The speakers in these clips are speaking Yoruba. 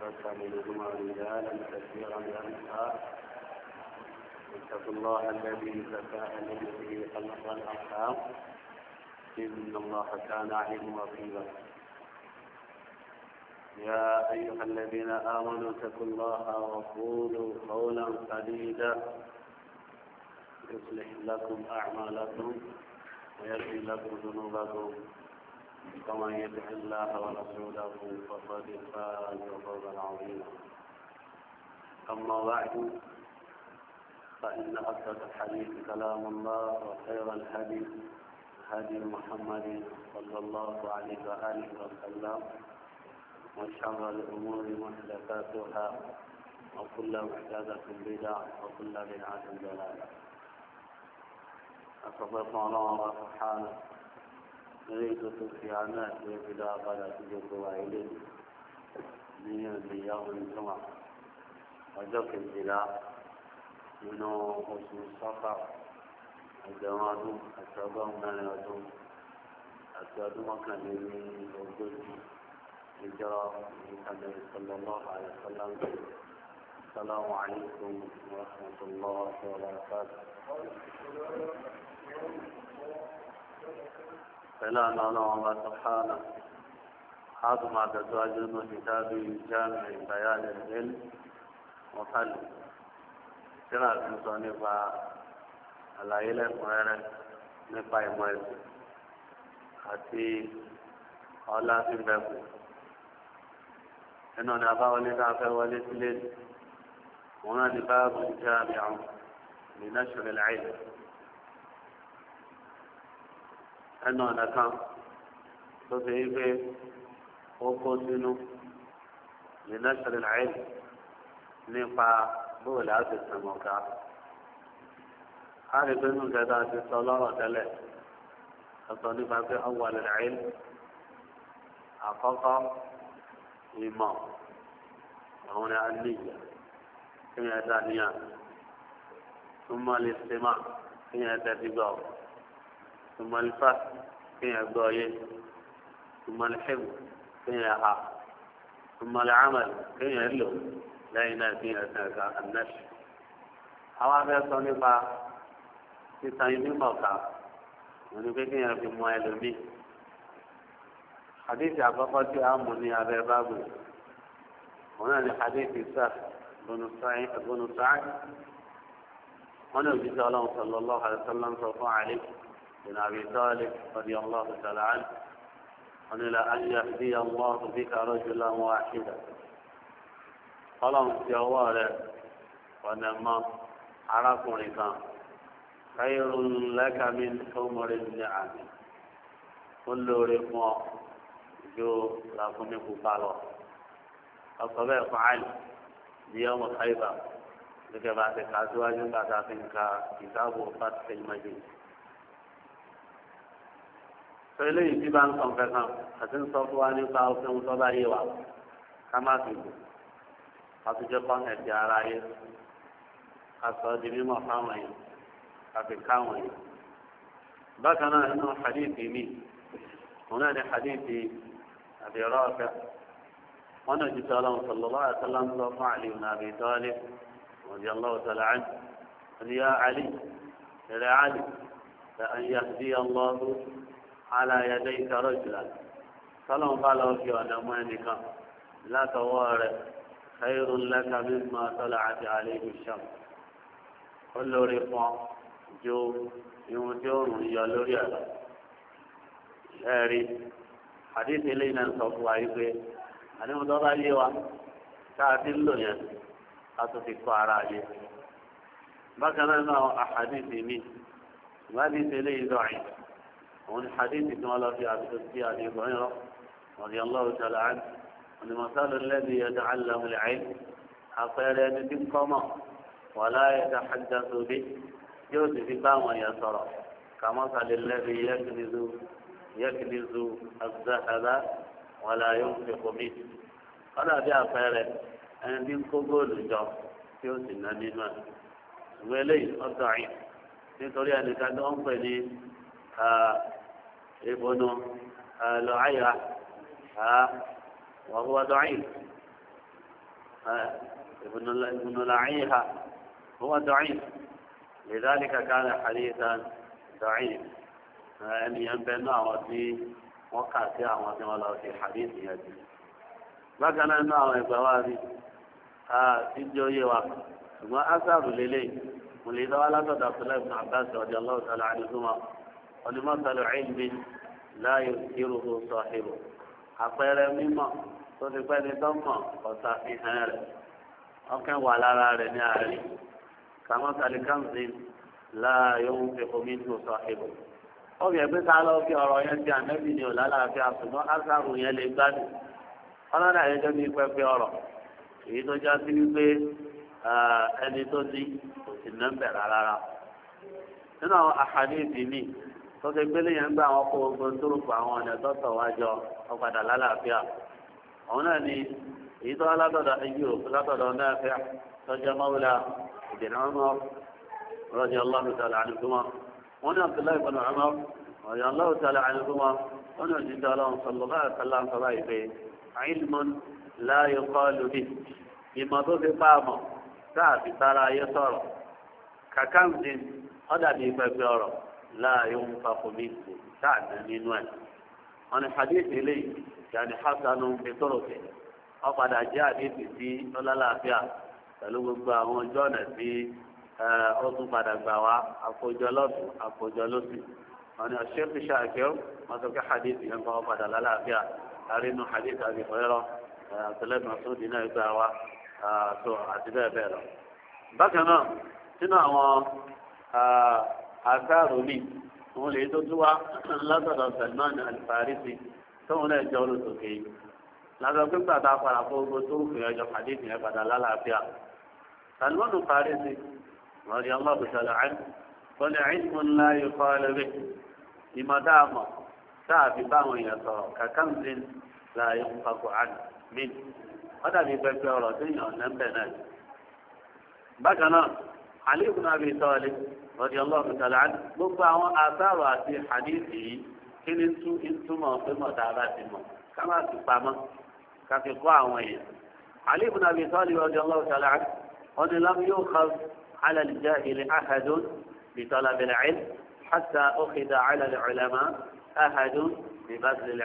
فبث منهما رجالا كثيرا ونساء واتقوا الله الذي تساءلون به خلق الارحام ان الله كان عليكم رقيبا يا ايها الذين امنوا اتقوا الله وقولوا قولا سديدا يصلح لكم اعمالكم ويغفر لكم ذنوبكم ومن يدع الله ورسوله فقد فاز فوزا عظيما اما بعد فان اصدق الحديث كلام الله وخير الهدي هدي محمد صلى الله عليه واله وسلم وشر الامور محدثاتها وكل محدثه بدعه وكل بدعه ضلاله أصدقنا الله سبحانه eré tó tó fi àánú àti ẹbí lọ́wọ́ padà sí gbogbo wa ilé ní ọ̀dọ̀ ìyá onítọ́mà ọjọ́ kejìlá nínú oṣù sọ́fà ẹgbẹ̀rún ọdún àti ọgọ́rùn-ún mẹ́rin ọdún àti ọdún mọ́kànlélí ogójì ìjọ ìkàlẹ̀ ìsọlọ́lọ́ àyẹ̀sọ́láńtì السلام عليكم ورحمة الله وبركاته pẹ̀lú àná ọlọ́run ọba tó hánà áàbù máa tẹ̀síwájú nínú ìdábí jáàmù ìgbàyà lẹ́yìn mọ́tàlì tíra ti sọ nípa àlàyé lẹ́kùnrẹ́rẹ́ nípa ìmọ̀ ẹ̀sìn àti ọlá tí ń bẹ̀kù ẹnu ni abáwọlé tá a fẹ́ wọlé sílé wọn náà ní báàbù jáàmù ìnáṣọ̀rẹ̀ láìpẹ́ ẹnu ọ̀nà kan tó fi yí pé ó kó sínú lẹ́nà ṣẹlẹ̀ láì nípa bóòlù àti sẹ̀mọ̀ká. a lè pé nínú kẹta ti sọ lọ́rọ̀ tẹ́lẹ̀ ọ̀sọ̀ nípa pé ọwọ́ àlẹ́ láì àkọ́kọ́ ìmọ̀ àwọn ni a ní ìyà kí ni ẹ dá níyà tó lè ṣe kí ni ẹ tẹ́ ti gbọ́ tùmọ̀lìfà kéèyàn gbọ́ ọyẹ tùmọ̀lìfẹ́mù kéèyàn ha tùmọ̀lìhámàlì kéèyàn lò lẹ́yìn náà kéèyàn sàǹkà ànáṣì. àwọn abẹ́ sọ nípa títan ibi mọ̀ọ́ká wọn ni pé kéèyàn fi mọ ẹlòmíì. حديث عقبات عمني على بابه هنا حديث سهل بن سعيد بن سعد هنا النبي صلى الله عليه وسلم صلى الله عليه بن أبي طالب رضي الله تعالى عنه أن إلى أن يهدي الله بك رجلا واحدا قلم جوال ونما عرفني كان خير لك من حمر النعم كل رقم جو لكم قالوا أصبح فعل ليوم خيبر لكي بعد كاتواجن بعد ذلك كتاب فتح المجيد pẹ̀lú yìí bí bá ń kàn kankan àti ń sọ fún wa nípa òfin tó bá yé wa ká má fi gùn ká tó jẹ́ kọ́ńtà ti ara yé ká sọ di mímọ̀ fáwọn yìí ká fi káwọn yìí. bákan náà nínú hadithi mi òun náà ní hadithi àbí rọ́ọ̀kẹ́ wọn náà ju sọlá wọn àtàlà ń lọ fún àlè ibn Abi Talib rọ̀dí ọlọ́wọ́ sọlá àlè wọn àlè ẹ̀rẹ̀ àlè ẹ̀ aláyẹ̀dẹ́ ìtọ́rọ̀ jùlọ tọ́lọ́n bá lọ fi ọ̀nà mọ́ ẹnìkan látọwọ́ rẹ̀ ṣẹ́yìrù lẹ́ka mímọ́ tọ́lá àti àlejò sàm ó lórí pọn ju irun tí ó rùn yọ lórí ẹ̀rọ ẹ̀rí àdéhùn eléyìí náà sọ fún wa yìí pé àdéhùn tó bá yé wa tá a yẹn a tún ara yẹ bákan náà náà àhàdéhùn mi ìwádìí eléyìí dọ̀yìn òun ni hadithi tí wọ́n lọ fi àbíkó sí àdìgbò yìí rọ ọ̀dì ọlọ́run tẹ̀lé àn òní mọ̀sálù lẹ́bi ẹ̀dá àlàmùlẹ̀ àyè àpẹẹrẹ ẹni tí ń kọ́mọ̀ wà láyé ta hajjá sóbi yóò sì fi bá àwọn èèyàn sọ̀rọ̀ kàmọ́sálù lẹ́bi yẹ́kìlìzú yẹ́kìlìzú àgbàdàdà wà láyé òfin kòmí. ọlọ́dẹ àpẹẹrẹ ẹni tí ń kó góòlù jọ tí ó sì ná nínú ẹ̀ ìwé eléyìí ọ̀dọ̀ àyè nítorí ẹnìkan tó ń pè ní ابن لعيرة وهو ضعيف ابن ابن لعيها هو ضعيف لذلك كان حديثا ضعيف يعني ينبغي وفي وقع فيها ولا في حديث يدي لكن أنا الجواب في جوي وما أثر للي ولذا لا تدخل ابن عباس رضي الله تعالى عنهما onímọ̀sálù ẹ̀ǹbí láàyò ìrùbù sọ̀hìbù àpẹẹrẹ mímọ̀ tó ti pẹ́ ní tọ́mọ̀ ọ̀sà ìhàn rẹ̀ ọkàn wà lára rẹ̀ ní àárín kàmọ́sálù kàmsì láàyò ìfòmí tó sọ̀hìbù. yẹ ẹgbẹ́ ta lọ fi ọ̀rọ̀ yẹn ti ni òlà láàfin yẹn lè gbádùn ọlọ́dà yẹn jẹ́ pẹ́pẹ́ ọ̀rọ̀ èyí tó já sí wípé ẹni tó ní kò nọ́mbẹ̀ rárá nínú àwọn ìdí tọ́sẹ̀ gbélé yẹn ń gbà wọn kó gbogbo tórókù àwọn ọ̀nà tọ́tọ̀ wájọ ọ̀padà lálàáfíà òun náà ni èyí tó látọ̀dọ̀ ẹjú òkú látọ̀dọ̀ náàfíà tọ́jọ́ mọ́wúlá ìdènà ọmọ rọ̀jì ọlọ́run tọ́lá àdúgbò wọn ní àbdùlá ìbọnà ọmọ rọ̀jì ọlọ́run tọ́lá wọn wọn ní ọlọ́run sọlọ láàyò ń fa omi ìgbò káàdì nínú ẹ̀. wọn ni hadith eléyìí yàní hasanu ìtọ́rọ̀kẹ́ ọ̀padà jẹ́ àdéhùn sí ọlọ́láàfíà pẹ̀lú gbogbo àwọn ọjọ́ ọ̀nà tí ó tún padà gbà wá àkójọ lọ́sùn àkójọ lọ́sì. wọn ni ọ̀ṣẹ́ fi ṣàkíọ́ wọn sọ pé hadith yẹn kọ́ ọ̀padà lálàáfíà àrínú hadith àbí àtẹlẹ́gbọ̀n tó dín náà gbà wá àti bẹ́ẹ̀ bẹ́ẹ̀ lọ. bákan náà sínú àwọn àsáàrò mi òun lè tó tún wá látọ̀dọ̀ Salman al-Farisi tóun náà jẹ́ olùsòkè yìí lásán pé gbàdá padà fún ogun tó ń fi ọjọ́ hadith yẹn padà lálàáfíà Salman al wọ́n rí ọlọ́ọ̀bù sọ̀rọ̀ ẹ̀ wọ́n lè ẹ̀ ń ikọ́ ẹlẹ́rẹ́ ìmọ̀ dáàmọ̀ sáàbí báwọn èèyàn sọ̀rọ̀ kàkàǹdín láàyè ń fa kùránì mí wọ́n dàbí pẹpẹ ọ̀rọ̀ tó yàn ọ̀nà ń bẹ̀ náà bákan náà Ali ibn Abi Talib radiyallahu ta'ala anhu gbogbo àwọn àtàrò àti hadithi yìí kí ni tú ìtumọ̀ pé mọ̀ dáadáa ti mọ̀ ká má ti pamọ́ ká fi kọ́ àwọn èèyàn. Ali ibn Abi Talib radiyallahu ta'ala anhu wọn ni lam yukhaz ahadun bi talab al-ilm hatta ukhida ahadun bi badl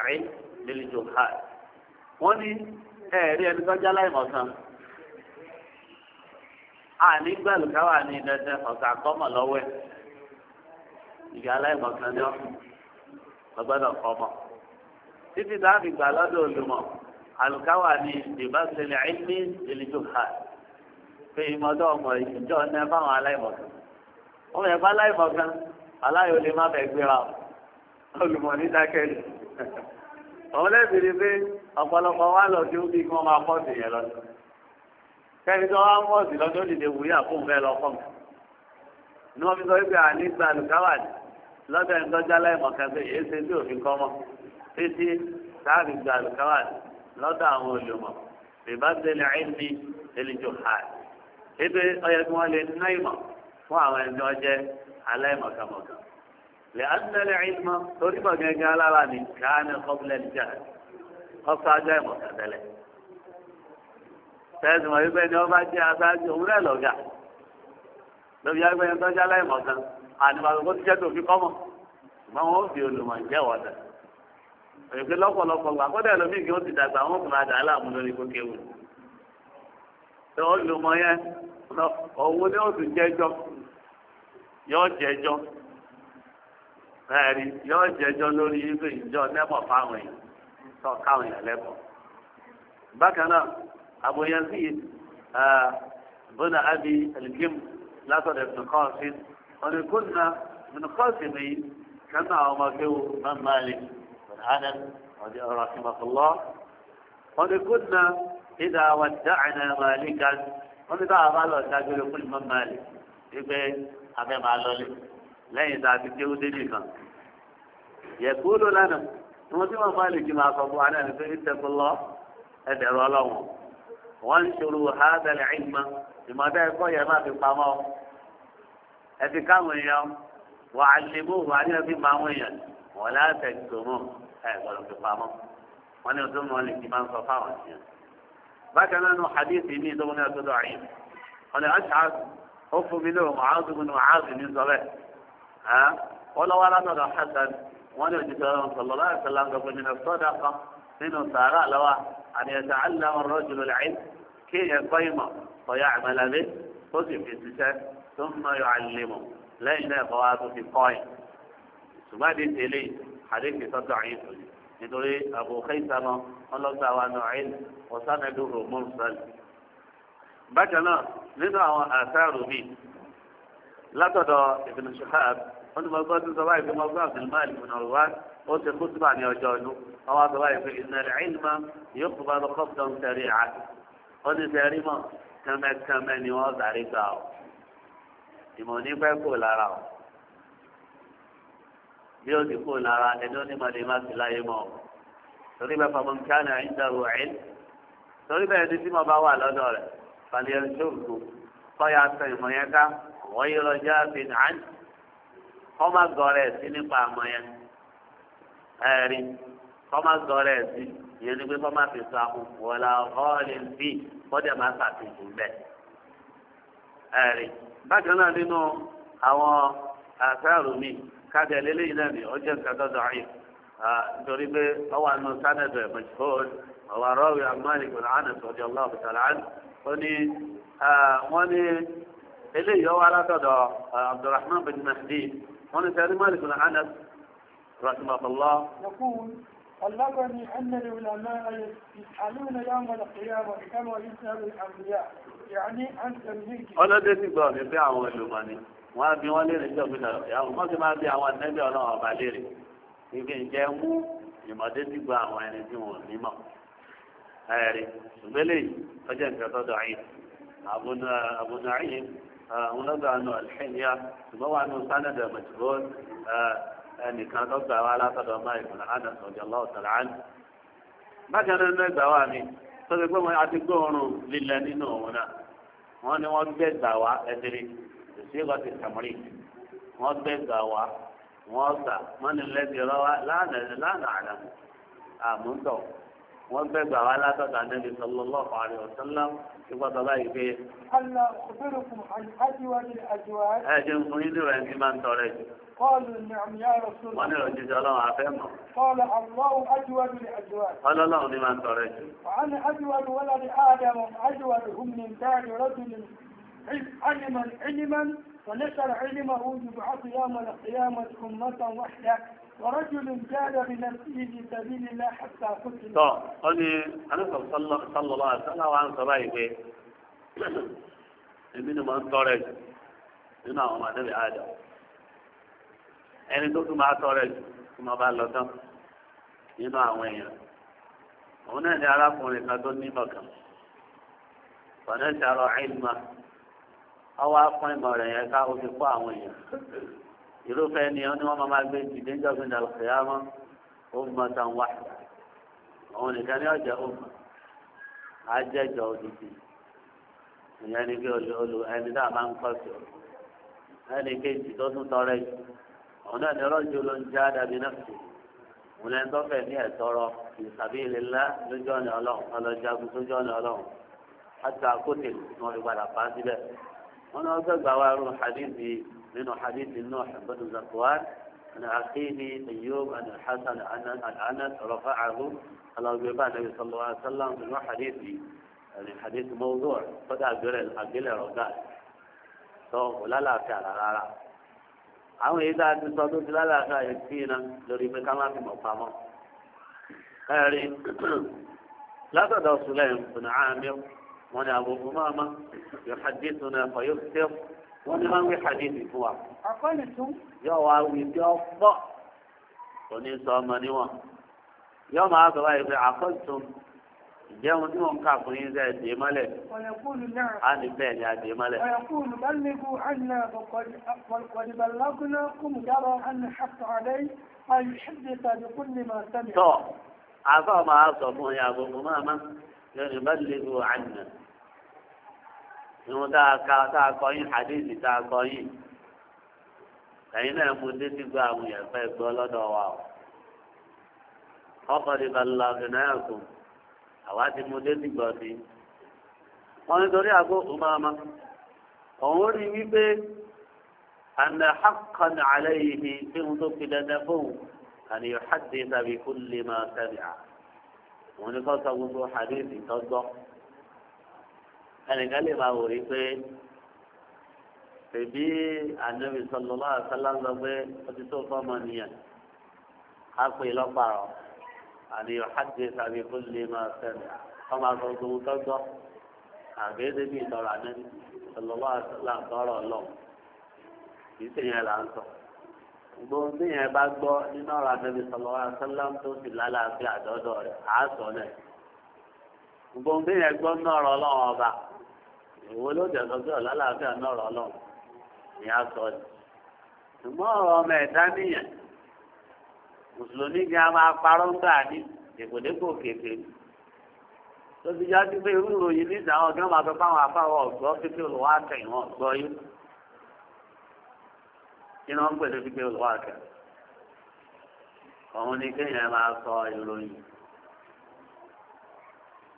al-ilm àní gbàlùkáwà ní dandan ọ̀sà kọ́mọ̀ lọ́wọ́ ẹ̀ ìyá aláìmọ̀kan ni ọ́ ọgbọ́dọ̀ kọ́mọ̀ títí dáàbì gbà lọ́dọ̀ olùmọ̀ àlùkáwà ní ìbáṣẹlẹ̀ ẹ̀mí ìlìjọba pé ìmọ̀dọ́ ọmọ ìjọ ní ẹ báwọn aláìmọ̀kan ọmọ ẹ̀fọ́ aláìmọ̀kan aláyọ̀ lè má bẹ̀ gbéra olùmọ̀ ní dákẹ́lì ọ̀hún lẹ́sìn ni pé ọ̀pọ̀lọpọ̀ wà lọ sí ó bí kí wọ́n máa pọ̀ sí yẹn lọ́dọ̀ kẹ́ni tó wá ń wọ̀ sí lọ́jọ́ dìde wúrí àkóhùn fẹ́ lọ kọ́ mi. ni wọ́n fi sọ wípé ànígbà lùkáwàdì lọ́jọ́ ẹni tọ́jà láìmọ̀ kẹfẹ́ èyí ṣe tí òfin kọ́ mọ́ títí táàbì gbà lùkáwàdì lọ́dọ̀ àwọn olùmọ̀ bèbá tẹ̀lé ẹ̀mí elijó ha ebe ọyẹ kí wọ́n lè ná ìmọ̀ fún àwọn ẹni tó jẹ́ aláìmọ̀kàmọ̀kà. lè àtúntẹ̀lé ẹ̀mọ́ torí bọ̀ alára ni káà ní kọ́ tẹ́sí mọ̀ wípé ni wọ́n bá jẹ́ aṣáájú òun lọ́gà lóbi agbẹ́ yẹn tọ́jà láìmọ̀ kan àdìmọ̀tò kó ti jẹ́ tòfin kọ́mọ̀ ṣùgbọ́n wọn ó fi olùmọ̀ jẹ́ wọ̀dà òyìnbó lọ́pọ̀lọpọ̀ gbà kó dẹ̀ lómi ti dàgbà wọn kò máa dà á láàmú lórí kó tó olùmọ̀ yẹn ni أبو يزيد آه، بن أبي الجم لطن ابن قاسم أن كنا من قاسمي كما هما كيو من مالك بن أنس رحمه الله أن كنا إذا ودعنا مالكا أن دعا ماله تقول كل من مالك يبقى أبي معلولي لين ذا بكيو دينيكا يقول لنا ثم مالك ما صبوا على أن اتقوا الله أدعوا لهم wọ́n ń ṣòro àádọ́lẹ̀ ìmọ̀ ìmọ̀tẹ́ ẹ̀kọ́ yẹn máa fi pamọ́ ẹ ti káwọn èèyàn wà á lè mú wà á ní ẹ fi pamọ́ èèyàn wọ́n láti tó mọ̀ ẹ gbọ́dọ̀ fi pamọ́ wọ́n ní ọdún mọ́ lè fi máa ń sọ fáwọn èèyàn. bákan náà nù hadith mi tó ní ọdún dọ̀ọ̀yìn ọ̀nà aṣáá ó fún mi lóhùn àádùn àádùn ní sọ́bẹ̀ wọ́n lọ́wọ́ látọ̀dọ̀ hasan wọ́n ní òjijì kéèyàn kọ́ ìmọ̀ ọ̀yà àgbàlagbé ó sì fi ṣiṣẹ́ tó ń mọ yọ àlèmọ̀ lẹ́yìn náà kọ́ wa tó fi kọ́ ẹ̀. ṣùgbọ́n àdé tẹ̀lé àdé fi sọ́tọ̀ àyè tó yẹ nítorí Abu Khaysama ọlọ́gbà wa nọ̀ọ́yìn ọ̀sánàdù rọ̀mọ́nsálì. bákan náà nínú àwọn àṣàrò mi látọ̀dọ̀ Ibn Shihab wọ́n ti mọ gbọ́ tó sọ báyìí pé mọ gbọ́ ó ti kú síbà ní ọjọ́ ọdún wọ́n wá sọ báyìí pé ìnàlẹ̀ ìlmà yóò bá lọ́kọ́ wọ́n ti fẹ́ rí mọ̀ kẹ́mẹ́kẹ́mẹ́ ni wọ́n sáré gbà ọ́ ìmọ̀ ní fẹ́ kò lára ọ́ bí ó ti kò lára ẹni ó ní mọ̀lẹ́ má sí láyé mọ́ ọ́ torí bẹ́ẹ̀ fọmọ nǹkan náà ń dàrú ẹ̀ torí bẹ́ẹ̀ ni tí mo bá wà lọ́dọ̀ rẹ̀ falẹ̀ ń ṣòkò kọ́ya sọ ìmọ̀ yẹn ká wọ́n yí lọ́jà fi hàn kọ́ má gọ̀ọ́rẹ̀ sí nípa àmọ̀ yẹn ẹ̀rí kọ́ má gọ̀ọ́rẹ̀ sí ìyẹn ni pé kọ́ máa fi sọ àkókò ọ̀la ọ̀ọ́lì bí kọ́dẹ̀ máa ṣàfihàn bẹ́ẹ̀. ẹ̀rí bákan náà nínú àwọn àṣàrò mi kájà lélẹ́yìn náà ni ọjọ́ nǹkan tọ́jú ayé nítorí pé ọwọ́ àánú sánẹ̀dọ̀ ẹ̀ mọ̀júfóòd ọ̀wọ́ àrọ́wì àmọ́lì kò náà nìkan ọjọ́ ọlọ́ọ̀bù tàlá wọ́n ní eléyìí ọwọ́ alátọ̀dọ̀ Abdulrahman bin Mahdi wọ́n ní sẹ́rí بلغني أن العلماء يسألون يوم القيامة كما يسأل الأنبياء يعني عن تمليك ọlọ́dẹ́ sì gbọ́ ní pé àwọn olùmọ̀ni wọ́n á bí wọ́n lérè jọ bí lọ́rọ̀ ìyàwó wọ́n sì máa bí àwọn ẹ̀nẹ́bí ọlọ́run ọba lérè ibi ìjẹ́ mú ìmọ̀dé sì gbọ́ àwọn ẹni tí wọ́n ní mọ̀ ẹ̀rí ìgbélé ọjọ́ nǹkan tọ́dọ̀ ayé àbùnà ayé àwọn ọlọ́dọ̀ àánú àlẹ́yìn yá ṣùgbọ́n wà nù sánàdà ẹnìkan tó gbà wá látọ̀dọ̀ máa ìbùn àdà sọ̀jọ̀ lọ́ọ̀tọ̀lá án. bákan náà lẹ́gbà wá mi tó ti gbé wọn àti gbóòórùn lílẹ̀ nínú òun náà wọ́n ní wọ́n gbé gbà wá ẹ̀dẹ̀rẹ̀ èsì ìgbà ti tàmúrì wọ́n gbé gbà wá wọ́n gbà wọ́n ní lẹ́bi rọ́wá lánàá àdàmù àmúntọ̀ wọ́n bẹ́ gbà wá látọ̀dọ̀ ànábì sallallahu alaihi wasallam ṣùgbọ́n bàbá yìí pé. ala òbẹ̀rẹ̀ fún àjùwájú àjùwájú. ẹ jẹun fún yín lóra ẹni tọrẹ jù. kọ́ọ̀lù ní àmì yára sọ̀rọ̀. wọ́n ní òjijì ọlọ́run afẹ́ mọ̀. kọ́ọ̀lù àwọ̀ àjùwájú àjùwájú. ọlọ́run ni máa jù. wọ́n wọ́n láti ju tọ́ ọ ní anáfà sọlọ́lá àtàláwà ń sọ báyìí pé èmi ni mo ń tọrẹ jù nínú àwọn ọmọ àdébẹ̀ àdá ẹni tó tún máa tọrẹ jù tí mo bá lọ tán nínú àwọn èèyàn òun náà ní arákùnrin kan tó ní mọ̀kàn fọ̀nẹ́sì àrọ̀ àìlùmọ̀ ọwọ́ apọ́n ìmọ̀ rẹ̀ yẹn ká o fi kọ́ àwọn èèyàn irúfẹ́ ni wọ́n ní wọ́n máa gbé jìdí ń jọ́gbìn dàlù kìyàmọ́ ummatan wahida òun nìkan ní ọ̀jẹ̀ ọmọ ajẹ́jọ òdìdí ìyẹn ni bí olú ẹni náà máa ń kọ́ sí o ẹni kejì tó tún tọrẹ yìí òun náà ní ọlọ́jọ́ ló ń já dàbí náà sí òun lẹ́ni tó fẹ̀ ní ẹ̀tọ́rọ ìsàbí ilé ńlá lójú ọ̀nà ọlọ́run ọlọ́jagun lójú ọ̀nà ọlọ́run àti àkótè tí wọ́n fi padà pa síbẹ̀ wọ́n náà gbẹ̀gbà منه حديث النوح بن زكوان عن عقيل أيوب عن الحسن عن أنس رفعه على النبي صلى الله عليه وسلم من حديث يعني حديث موضوع فدا جرل أجل رجال سو لا لا كلا لا لا àwọn إذا تصدق لا لا sọ يكفينا ti lálàáfíà yìí في مقام خيري لا تدع سليم بن عامر من أبو أمامة يحدثنا sule wọ́n ní máa ń wí hadithi fún wa. àkọ́ni tún. yóò wá wí bí ó pọ̀ kò ní sọ ọmọ níwọ̀n yóò máa sọ báyìí pé àkọ́ni tún ìjẹun tí wọn kà fún yín sẹ dè mọ́lẹ̀. a ní bẹ́ẹ̀ ni a mọ́lẹ̀. ọ̀yọ̀kùnrin bá lè bu àná kọ̀dìbàlágúná kùmù dábọ̀ àná ṣàtọ̀ àlẹ́ ìwọ̀n tá a ka tá a kọ yín hadith tá a kọ yín ẹ̀yin náà mo dé sígbà àwọn èèyàn fẹ́ gbọ́ lọ́dọ̀ wa o ọkọ̀ ní balùwà fìnnáyà àwa ti mo dé sígbà sí i wọ́n nítorí àgbo ọmọọmọ òun rí wípé àná hakan àlẹ́ yìí ni pé òun tó fi dandan fóun àní yóò tàbí kúlè máa tẹ̀lé à òun ní kọ́ sọ gbogbo hadith tó gbọ́ ẹnìkan lè máa wò rí pé tẹ̀bí ànábì sọlọ́lá àṣálá ń lọ pé ó ti tó fọ́mọ nìyẹn á pè lọ́pàá àní ọ̀hádìí tàbí kó lè máa sẹ́nu wọ́n máa sọ gbogbo tọ́jọ́ àgbẹ̀dẹ́ bí ìtọ́rọ̀ ànábì sọlọ́lá àṣálá ń tọrọ lọ kì í sì yẹn là ń sọ gbogbo tí yẹn bá gbọ́ nínú ọ̀rọ̀ ànábì sọlọ́lá àṣálá tó sì lálàáfíà àdọ́dọ̀ rẹ̀ àásọ̀ náà gbogbo tí yẹn gbọ́ nínú ọ̀rọ̀ ọlọ́run ọba ìwọ ló dẹ̀ sọ pé ọ̀la làáfíà náà rọ̀ lọ ni a sọ ni ṣùgbọ́n ọ̀rọ̀ ọmọ ẹ̀dá nìyẹn mùsùlùmí ni a máa parọ́ ń gbà ní dèkòdèkò kéèké tó ti já sí pé irú ìròyìn ní ìdáhùn ọdún máa sọ fáwọn afáwọ ọgbọ pípé olùwà àtẹyìn wọn gbọ yín kí ni wọn pè ní pípé olùwà àtẹyìn òun ni kéèyàn máa sọ ìròyìn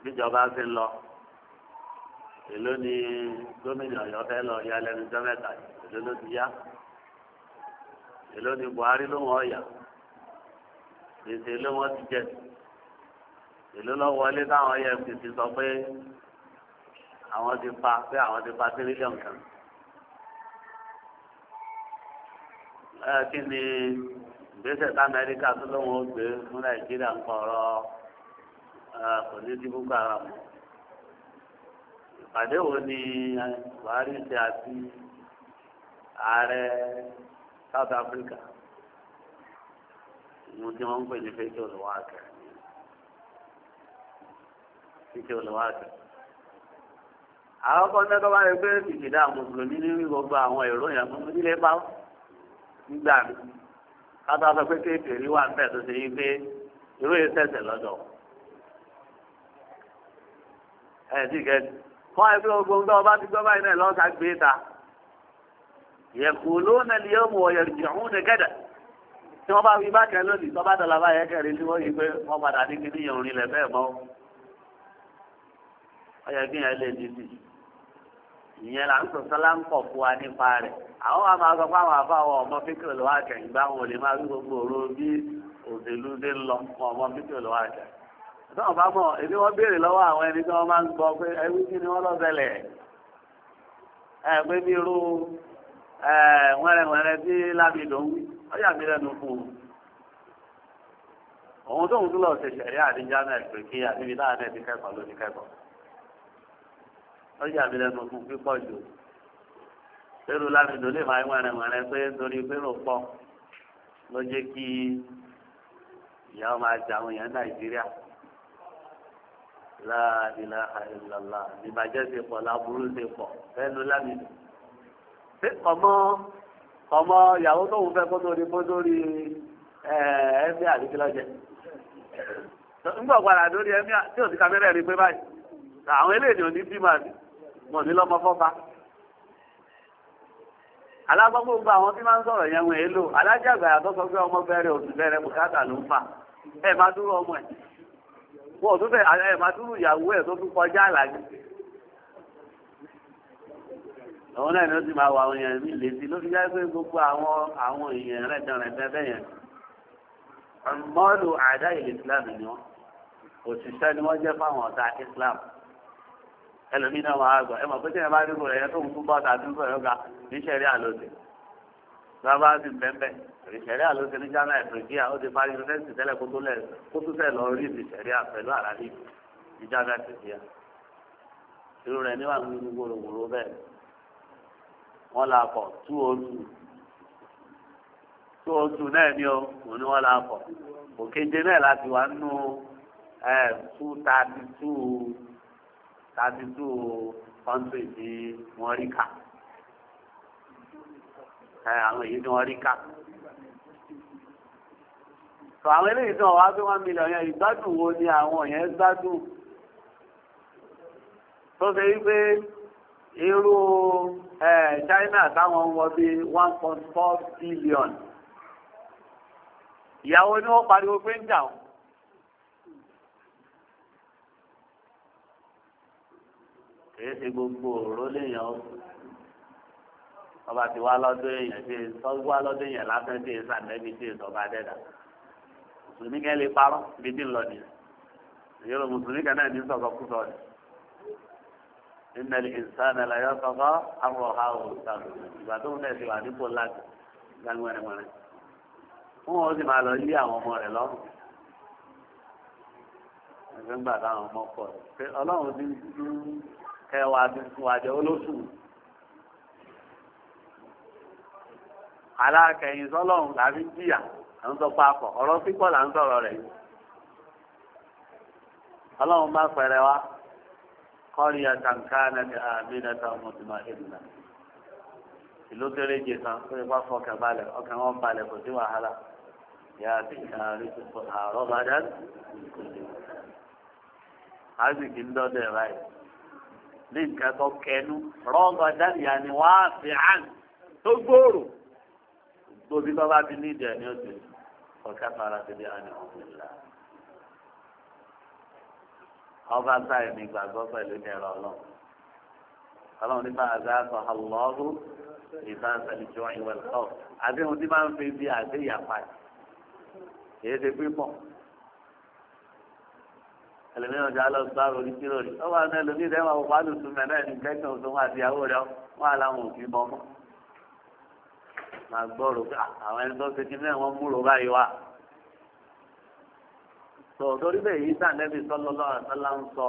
bíjọba ti ń lọ èló ni gómìnà Ọ̀yọ́ fẹ́ lọ ya lẹ́nu jọ mẹ́ta èló ló ti yá èló ni Buhari ló wọn ọyà gbèsè ló wọn ti jẹ èló lọ wọlé táwọn efcc sọ pé àwọn ti pa pé àwọn ti pa tírílíọ̀nù kan. kí ni ìgbésẹ̀ tá Amẹ́ríkà tó lóun ó gbé fún Nàìjíríà ń kọ̀ ọ̀rọ̀ kò ní ti boko haram. ìpàdé wo ni buhari ṣe àti ààrẹ south africa mo ti wọn ń pè ní fẹkẹ olùwàkẹ fẹkẹ olùwàkẹ àwọn kan tẹ́tọ́ bá yẹ pé ìṣẹ̀dá mùsùlùmí ní gbogbo àwọn èrò yẹn fún ilé bá nígbà mi kátà sọ pé kéèkèé rí wà kọ́ ẹgbẹ́ ogun ọba ti gbọ́ báyìí náà lọ́ọ́ ká gbé ta yẹ̀kùló náà lè mú ọ̀yẹ̀ jìhún ní gẹ́dẹ̀ tí wọ́n bá fi bá kẹ́ lónìí tó bá dọ̀la báyẹ̀ kẹ́rin tí wọ́n yí pé wọ́n padà ní kí níyàn orin lẹ̀ bẹ́ẹ̀ mọ́ ọyẹ kí yẹn lè ìyẹn là ń sọ sọlá ń pọ̀ fún wa nípa rẹ̀ àwọn àfáwọn ọmọ lọ fún ọmọ fíkìrì tí ọba mọ̀ èmi wọ́n béèrè lọ́wọ́ àwọn ẹni tí wọ́n máa ń gbọ́ pé ẹwí kí ni wọ́n lọ bẹ̀lẹ̀ ẹ pé bí irú wẹ́rẹ́wẹ́rẹ́ tí lábì ló ń wí lẹ́nu fún un òun ṣe ṣẹ̀rí àdíjá náà pé kí àbíbi kẹ́kọ̀ọ́ la ilaha illallah ìbàjẹ́ ti pọ̀ láburú ti pọ̀ fẹ́nu lámìlì. ṣé ọmọ ọmọ ìyàwó tó ń fẹ́ kó tó di bó lórí ẹ̀ẹ́mí àdìgbìlọ́jẹ. nígbà padà lórí ẹ̀mí tí òsì kámẹ́rẹ́ rí pé báyìí àwọn eléyìí ò ní bímọ àbí wọn ní lọ́mọ fọ́fà. alágbọ́gbọ́ gbogbo àwọn tí máa ń sọ̀rọ̀ yẹn wọn èlò alájàgbà yàtọ̀ sọ pé ọmọ bẹ̀rẹ̀ òsì bẹ̀rẹ̀ bùkátà ló ń fà ẹ̀ má dúró ọmọ ẹ̀ wọ́n tún fẹ́ ẹ máa tún ìyàwó ẹ̀ tó tún kọjá àlàyé. àwọn náà ni ó ti máa wà àwọn èèyàn mi létí ló fi jáde pé gbogbo àwọn àwọn èèyàn rẹ̀ dán rẹ̀ bẹ́ẹ̀ yẹn. mọ́ọ̀lù àdá ìlú Islam ni wọ́n òṣìṣẹ́ ni wọ́n jẹ́ fáwọn ọ̀tá Islam ẹlòmínà máa gbọ́ ẹ mọ̀ pé tí ẹ bá rí rẹ̀ yẹn tó ń túbọ̀ tàbí ń bọ̀ ẹ̀ bàbá ti bẹ́ẹ̀ ìṣẹ̀rí àlọ́ ti ní ghana ìfìrìkíà ó ti parí yunifásitì tẹ́lẹ̀ kó tó lẹ̀ kó tó sẹ̀ lọ rí ìṣẹ̀rí àpẹ̀lú àràlí ní ghana ìfìrìkíà irú rẹ̀ níwà ní gbogbogbòrò bẹ́ẹ̀ wọ́n la pọ̀ tú oṣù tú oṣù náà ni ó mo ní wọ́n la pọ̀ òkèje náà láti wà nínú ẹ̀ two thirty two thirty two country tí wọ́n rí kà. àwọn èyí tí wọ́n rí ká. Sọ àwọn eléyìí tí wá pé wọ́n yẹn wo ni àwọn yẹn gbádùn. Tó ṣe wípé irú China táwọn wọ bí one billion. Ìyàwó ni wọ́n pariwo pé ń jà Kìí gbogbo òró léèyàn ọba ti wá lọ́dún èèyàn tí sọ́gbà lọ́dún èèyàn lásán tí èsà nẹ́bí tí èsà ọba dẹ́dà mùsùlùmí kẹ́ lè parọ́ bí dín lọ nìyẹn ìyẹ́rọ mùsùlùmí kan náà ní sọ̀kọ́ kú sọ̀rọ̀ nínú ìsánà làyọ̀ sọ̀kọ́ àwọn ọ̀há òòsàn ìgbà tó ń tẹ̀sí wà nípò láti gbàgbọ́nrẹ́mọ́rẹ́ fún wọn ó sì máa lọ lé àwọn ọmọ rẹ̀ lọ́rùn ẹgbẹ́ ń gbà táwọn alákẹyìn sọlọ́run làbí jìyà à ń sọ papọ̀ ọ̀rọ̀ pípọ̀ là ń sọ̀rọ̀ rẹ̀ yìí. bá pẹ̀rẹ̀ wá kọ́rí àtàǹkà nàbí àmínàtà ọmọdúnmá ìdùnnà. ìlú kéréje kan tó yẹ kó fọkàn balẹ̀ ọkàn wọn balẹ̀ kò sí wàhálà. yà á ti kàn án rí tuntun bá dá ń báyìí ní nǹkan tó kẹnu ni wàá fi gbòbí tó bá ti ní ìdí ẹni òsè ọ̀ká fara ti di àná òmìnira. ọba sáyẹn ní gbàgbọ́ pẹ̀lú ìdẹ̀rọ ọlọ́run ọlọ́run nípa àzáàkọ̀ àlọ́ọ̀rù ìbá sẹ̀lẹ̀jọ́ ìwẹ̀lọ́ àti ohun tí máa ń fi bí àgbé ìyàpá kìí ṣe pípọ̀. ẹlòmíràn ti alọ́ sọ àròrí kíròrí ọba ẹlòmíràn ẹ̀ máa wọ pàálù súnmẹ́ náà ní kẹ́kẹ́ òṣùwọ̀n àti ìyàwó rẹ̀ wọ́n àlàwọn òfin mọ́ mọ́. máa gbọ́rò pé ah, àwọn ẹni tó ṣe kí náà wọ́n múrò báyìí wá. tó torí bẹ́ẹ̀ yìí tàn lẹ́bi sọ́lọ́ lọ́rọ̀ sọ́lá ń sọ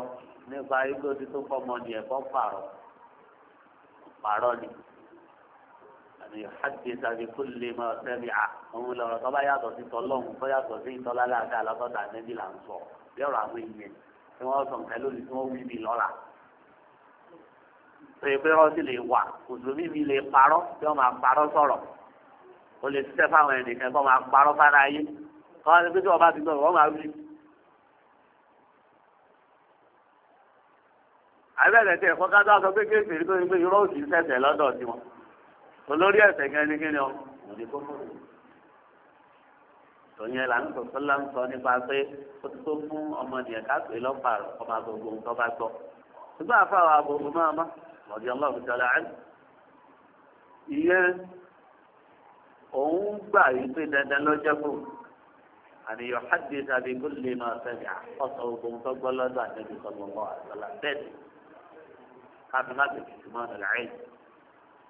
nípa igbó tí tó fọmọ ni ẹ̀kọ́ pààrọ̀ pààrọ̀ ni. àmì hajj tàbí kúlè máa tẹ́bi à òun lọ́rọ̀ tó bá yàtọ̀ sí tọ́lọ́hún tó yàtọ̀ sí ìtọ́lá láàdá alákọ̀tà nẹ́bí là ń sọ bí ọ̀rọ̀ àwọn èèyàn tí wọ́n sọ nǹkan lónìí tí wọ́n wí bí lọ́la pèpè wọn sì lè wà kùsùnmí mi lè parọ́ tí wọ́n máa parọ́ sọ̀rọ̀ o lè ṣiṣẹ́ fáwọn ẹnìkan kọ́ máa parọ́ fára ayé kọ́ wọn pé tí wọ́n bá ti gbọ́ wọ́n máa wí. àbẹ̀rẹ̀ tẹ̀ ẹ̀kọ́ ká tó aṣọ pé kéèké rí tóyún irọ́ òsì sẹ̀sẹ̀ lọ́dọ̀ sí wọn olórí ẹ̀sẹ̀ gan ni kíni ọ òde kókó tòyìn ẹ̀là ń sọ sọ́lá ń sọ nípa pé ó ti tó fún ọmọnìyàn káàpé lọ́pàá ọmọ agbègbè tó bá gbọ́ ṣùgbọ́n àfàwọn agbègbè máa má ọ̀dì ọlọ́run ti ẹ̀ ìyẹn òun gbà wípé dandan lọ́jọ́ kù àti àníyàn hajj tàbí gúnlẹ̀ máa sẹ́yìn àkọ́sọ ogun tó gbọ́ lọ́dọ̀ àtẹ̀bí sọ̀gbọ̀ngbọ̀ àgbàlá bẹ́ẹ̀ káfí má ti tìtì mọ́ ọ̀nà ẹ̀yìn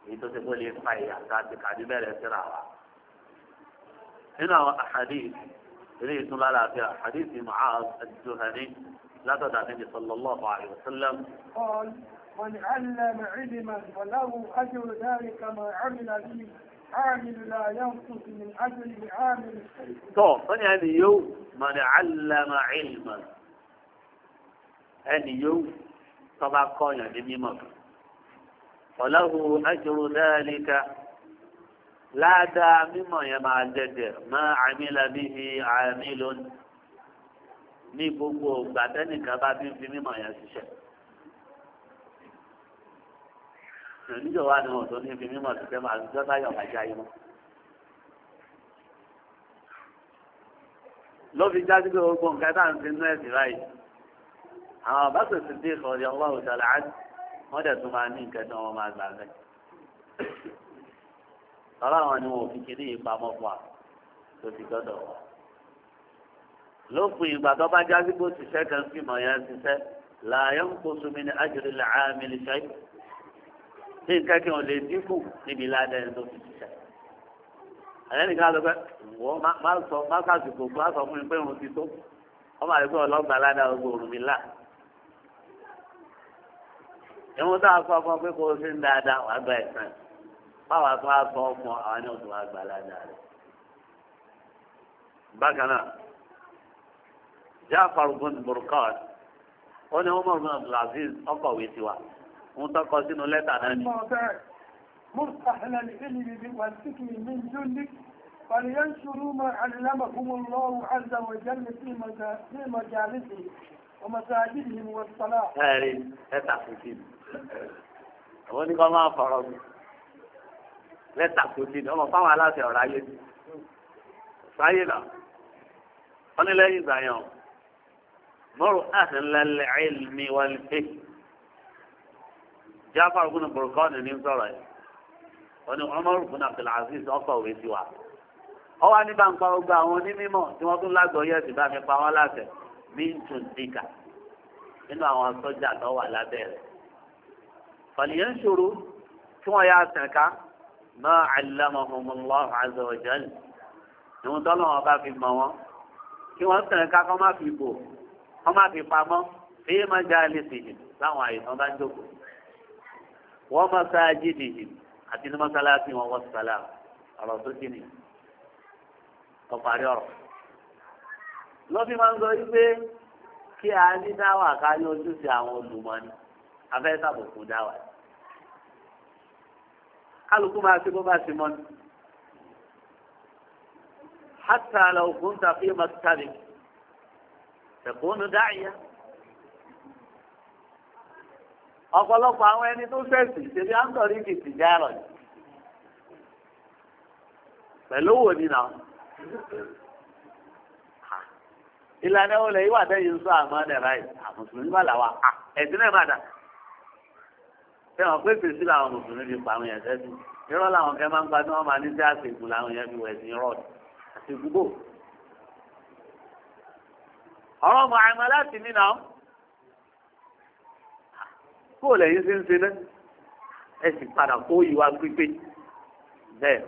èyí tó ti gbọ́lé lè fa ìyá káfí kàdí bẹ̀rẹ̀ síra wa. nínú àwọn àhàdí ilé ìtúnlá láàfin àhàdí ti Mu'adh ad-Juhani látọ̀dọ̀ àtẹ̀bí sallallahu alaihi wasallam. قال من علم علما فله أجر ذلك ما عمل به tọ́ wọ́n ní ẹni yóò mọ̀nà àlámà ìlmọ̀ ẹni yóò tọ́ba kọ́yàn ní mímọ̀ ọ̀làhùn ajọ́rò dáríka ládàá mímọ̀ yẹn máa dẹ̀dẹ̀ má àmìlà bíhi àmì lónìí ní gbogbo gbàtẹ́nìkan bá fi ń fi mímọ̀ yẹn ṣiṣẹ́. níjọ wa ni wọn tó ní ibi mímọ tó fẹ́ máa ń jọ táyọ máa jáyé mọ. ló fi jáde pé gbogbo nǹkan tá à ń fi nú ẹ̀sìn báyìí àwọn ọba tó ti dé ìkọ̀ọ́dẹ ọwọ́ òṣàlẹ̀ á wọ́n dẹ̀ tún máa ní nǹkan tí wọ́n máa gbà bẹ́ẹ̀. ọ̀rọ̀ àwọn ni wọn ò fi kíní yìí pamọ́ fún wa tó ti gbọ́dọ̀ wá. lópin ìgbà tó bá jáde pé òṣìṣẹ́ kan fìmọ̀ yẹn ṣiṣẹ́ làyẹ̀ ń kó sunmi ní ájúrí làámi lè ṣáyé. tí nǹkan kí wọn dínkù níbi ládà ẹni tó fi ṣiṣẹ́ àyẹ̀ nìkan lọ wọ́n má sọ má sọ fún mi pé òun ti tó wọ́n máa rí pé ọlọ́gbà ládà òrùn mi là ìwọ́n a sọ fún ọ pé kó o ṣe ń dáadáa wàá gba ẹ̀sán báwa tó a sọ fún ọ àwọn ní oṣù wa gbà ládà rẹ̀ bákan náà ń tọ́kọ sínú lẹ́tà náà ni. مفتحل العلم والفكر من جندك فلينشروا ما علمهم الله عز وجل في مجالسه ومساجدهم والصلاة. هارين لتحفيزين. àwọn oníkan máa fọ̀rọ̀ mi lẹ́tà kò sí ọmọ fáwọn aláṣẹ ọ̀rọ̀ ayé mi sáyé lọ wọn ní lẹ́yìn ìgbà yẹn mọ́rù àti ńlá lẹ́ẹ̀ẹ́lì mi wọ́n lè jáfà rúkúnù burúkọ́ọ̀nù ní sọ̀rọ̀ yìí wọ́n ní ọmọ rúkúnù abdulaziz ọkọ̀ òwe sí wa ọ wá ní báńkà ọgbà àwọn onímọ̀ tí wọ́n tún lágbọ̀ọ́yé ẹ̀sìn bá mi pa wọ́n láṣẹ bíntùn dìkà nínú àwọn sọ́jà tó wà lábẹ́ rẹ̀ fàlìyàn ṣòro tí wọ́n yá àtẹ̀ká náà allamahumullah azza wa jal ìwọ̀n tọ́lọ́ wọn bá fi mọ̀ wọn kí wọ́n tẹ̀ká kọ́ má fi bò kọ́ má fi pamọ́ fi máa já alẹ́ sí láwọn àyè tán bá jókòó wọ́n máa ṣáájì nìyí àti ní mọ́sálásí wọn wọ́n sálà ọ̀rọ̀ tó kí ni ọ̀parí ọ̀rọ̀. lọ́bí máa ń sọ wípé kí a ní dáwà ká ní ojúṣe àwọn olùmọ̀ni afẹ́ sàbùkù dáwà. kálukú máa ṣe bó bá ṣe mọ́ni. hátà lọ òkúńtà mọ́tàbí tẹ̀kúnnù dáìyà. ọ̀pọ̀lọpọ̀ àwọn ẹni tó sẹ̀sì ṣèlú àǹtọ̀rí kìtì járọ̀ yìí pẹ̀lú owó ni ìlànà olè yìí wà sọ àmọ́ ẹ̀ àmùsùlùmí bá làwà à ẹ̀sìn náà bá làwọn mùsùlùmí fi pa àwọn yẹn làwọn kẹ́ máa ń ní wọ́n máa ní sí àsìkò làwọn yẹn fi wẹ̀ sí ọ̀rọ̀ kó lẹ́yìn ṣe ń ṣe náà ẹ sì padà kó ìwà pípé bẹ́ẹ̀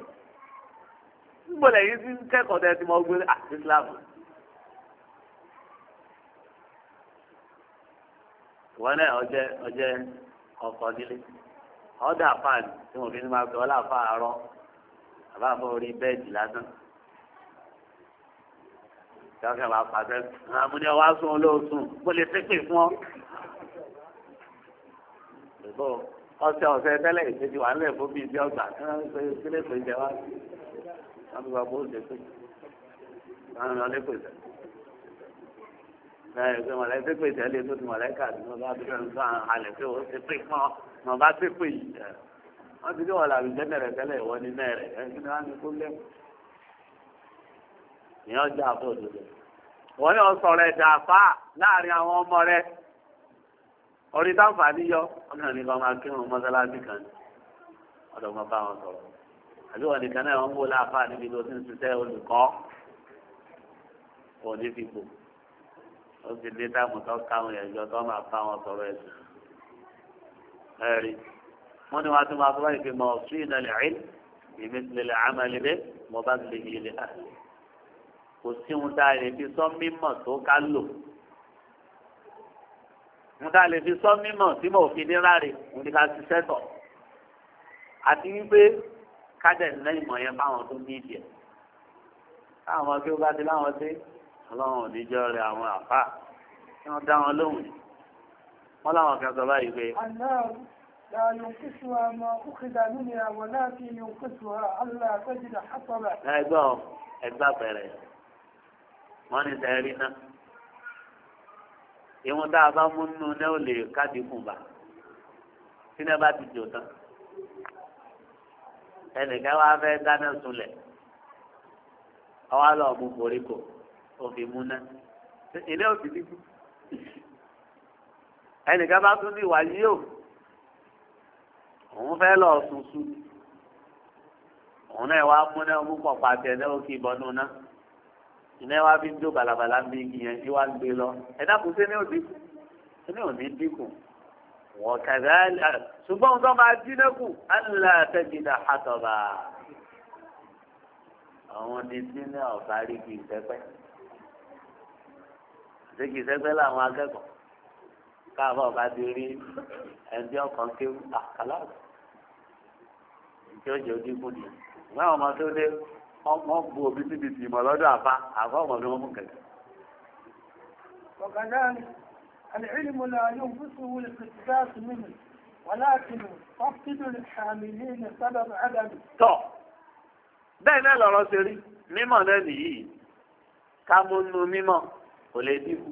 níbo lẹ́yìn ṣe ń kẹ́kọ̀ọ́ tẹ́ ti mọ gbé àti Islam. wọn náà ọjẹ ọjẹ ọkọ nílé ọdọ àfáàní tí wọn fi ní máa fi ọlá àfáàrọ àbáfọ orí bẹ́ẹ̀dì lásán kí wọn pàṣẹ àwọn amúnẹ sún olóòsùn mo lè fún ọ ọ̀sẹ̀ ọ̀sẹ̀ tẹ́lẹ̀ ìṣèjì wà nílẹ̀ fún bíi ibi ọgbà kí wọ́n ṣe sílẹ̀ pé jẹ wá wọ́n ti wá bó ṣe pé wọ́n lọ lépè sẹ́. Ẹ ẹ mọ̀lẹ́ ṣe pé ìtẹ́lẹ̀ tó ti mọ̀lẹ́ kà ní ọba àdúgbò ń sọ àwọn pé ó ṣe pé pọ́n mọ̀ bá ṣe pé yìí. Wọ́n ti dé wọ̀ làbí jẹ́nẹ̀rẹ̀ tẹ́lẹ̀ ìwọ ní mẹ́rẹ̀ ẹ̀ kí ni wọ́n ní kúlẹ̀. Ìyẹn ọjà àbọ̀ òdòdó. Wọ́n ní ọ̀sọ̀ rẹ̀ dàfà láàrin àwọn ọmọ rẹ̀ ọ̀rí táǹfààní yọ ọ̀nà nìkan máa kírun mọ́sálásí kan ní ọ̀dọ̀ wọn bá wọn sọ̀rọ̀ àbí wọn nìkan náà wọn wò láàfà níbi tó ti ń ṣiṣẹ́ olùkọ́ òní fipò ó ti dé táàmù tó káwọn ẹ̀jọ́ tó máa bá wọn sọ̀rọ̀ ẹ̀sìn ẹ̀rí wọ́n ní wọ́n ti máa sọ báyìí pé mọ̀ sí ìnàlẹ̀ ẹ̀rí ìmísílẹ̀ àmàlẹ́bẹ̀ mọ̀ bá ti lè yí ilẹ̀ kò sí ohun tá a lè fi sọ mímọ̀ tó ká lò nǹkan lè fi sọ mímọ̀ tí mo fi ní ráre òun ni ká ṣiṣẹ́ tọ̀ àti wípé kájẹ̀ nílẹ̀ ìmọ̀ yẹn fáwọn tó ní ìdíẹ̀ káwọn kí ó bá ti láwọn dé ọlọ́run òníjọ́ rẹ̀ àwọn àfà kí wọ́n dá wọn lóhùn wọ́n láwọn kan sọ báyìí pé. لا ينقصها ما أخذ منها ولكن ينقصها ألا ìwọ̀n tá a bá mú nínú náà lè kádìkù bá tí náà bá ti jò tán ẹnìkan wá fẹ́ dáná sunlẹ̀ ọwọ́ àlọ́ mú koríko òfin mú náà ilé òsì dídú ẹnìkan bá tún ní ìwà yìí òun fẹ́ lọ sunsun òun náà wá mú náà mú pọ̀ pàtẹ náà ó kì í bọ́nú náà ìná wa fi ń jó balabala ń bí ìyẹn tí wàá gbé lọ ẹ̀dá kò sí ní òdì sí ní òní dínkù wọ́n kàdá ṣùgbọ́n tó máa dínà kù alá tẹ́gídà àtọ̀bà àwọn ní dínà ọ̀bá rí kì í sẹ́pẹ́ ṣé kì í sẹ́pẹ́ láwọn akẹ́kọ̀ọ́ káàbọ̀ ọ̀bá ti rí ẹni ọkàn kéwù àkàlà tí ó jẹ́ ojú nìyẹn ìgbà àwọn ọmọ tó dé ọmọ bu omi síbi tì mọ̀ lọ́dọ̀ àfa àfa ọmọ ni wọ́n mú kẹ̀kẹ́. وكذلك العلم لا ينقصه الاقتصاد منه ولكن تفقد للحاملين سبب عدمه. tọ́ bẹ́ẹ̀ náà lọ́rọ̀ ṣe rí mímọ̀ náà nìyí ká mú nu mímọ̀ kò lè dínkù.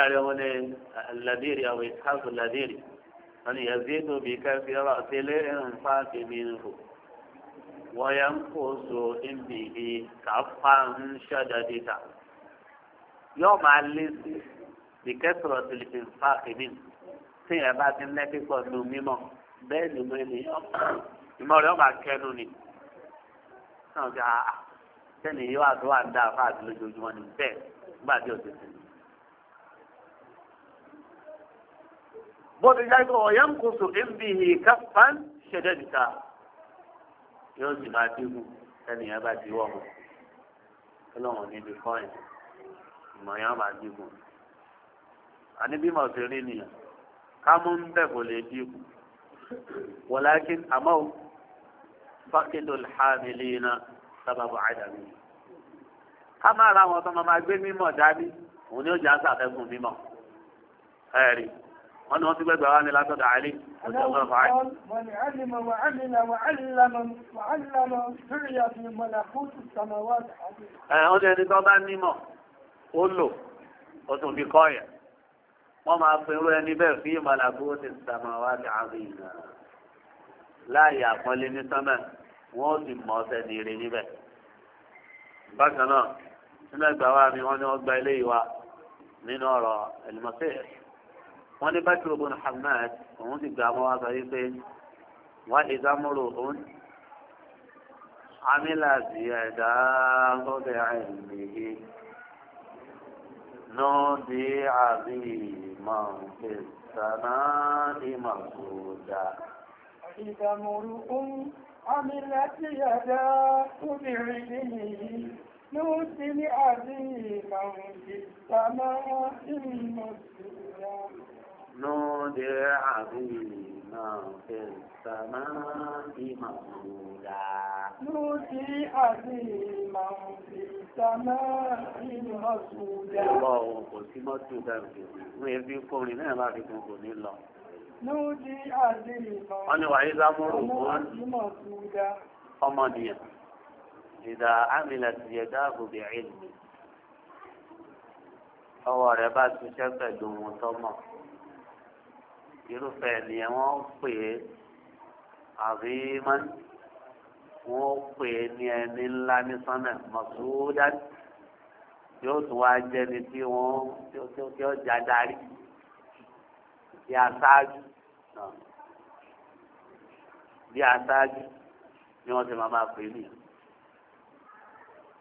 ẹ̀rí wọn ni ladiri àwọn ìsáàbù ladiri. أن يزيد بكثرة الإنفاق منه وينقص إن به كفا شددتا يوم عليك بكثرة الإنفاق منه tí ẹ bá ti lẹ́kí pọ̀ nù mímọ́ bẹ́ẹ̀ ni mo ní ìmọ̀ rẹ̀ ọba kẹnu ni. náà ṣe àà sẹ́ni yóò àdúrà ń dá àfáà àti lójoojúmọ́ ni bẹ́ẹ̀ nígbà tí o bó ti jáde kó ọ̀yẹ́ ń kó so ẹ̀ǹbì yìí ká fan ṣẹ̀dẹ̀ nìka yóò sì máa dínkù ẹnìyàn bá ti wọ̀ mọ́ ọlọ́run níbi fọ́ìn ìmọ̀ yẹn máa dínkù àní bí màá ṣe rí nìyẹn ká mú ń bẹ̀ kó lè dínkù wọ̀láàkì àmọ́ fákìlù hàmìlì náà sábàbọ̀ àdàmì ká má ra àwọn tó máa gbé mímọ̀ dání òun ni ó jà ń sàfẹ́kùn mímọ̀ ẹ̀rí wọ́n ni wọ́n ti gbẹ́gbẹ̀ wá ní látọ̀dọ̀ àìlè wọ́n ti ẹni tó bá nímọ̀ ó lò ó tún fi kọ́ yẹ wọ́n máa pe irú ẹni bẹ́ẹ̀ fi ìmọ̀làkú ti sàmàwá ti àrí ìnà láàyè àpọ́nlé ní sánmẹ̀ wọ́n sì mọ̀ ọ́sẹ̀ ní eré níbẹ̀ bákan náà nínú ẹgbàá wa wọ́n ní wọ́n gba ilé ìwà nínú ọ̀rọ̀ ẹ̀lùmọ́sẹ̀ wọ́n ní bákìrì bin Hamad òun ti gbà wọ́n wá sọ wípé wá ìdámúrò òun amílà sí ẹ̀dá lọ́dẹ̀ àìmìlì nọ́ọ̀dì àbí màǹkì sànà ìmàkúdà. ìdámúrò òun amílà sí ẹ̀dá lọ́dẹ̀ àìmìlì. نوتي لعظيما في السماء المسجد نودع عظيما في السماء محمودا نودع عظيما في السماء محمودا الله kò sí mọ́tò dàbí ìwé ẹbí kọrin náà bá fi kún kò ní lọ. Núdí àdìmọ̀. Wọ́n ní wàyí lámúrò fún ọmọdìyàn. Ìdá àmìlà ti yẹ dáàbò bẹ̀rẹ̀ mi. Ọwọ́ rẹ̀ bá ṣiṣẹ́ pẹ̀lú ohun tó mọ̀ irúfẹ́ ènìyàn wọ́n pè é àbí mọ́n wọ́n pè é ní ẹni ńlá ní sọ́nà mọ̀súdá yóò tún wá jẹ́ni tí wọ́n tí ó já darí bí aṣáájú bí aṣáájú ni wọ́n ti máa máa pè é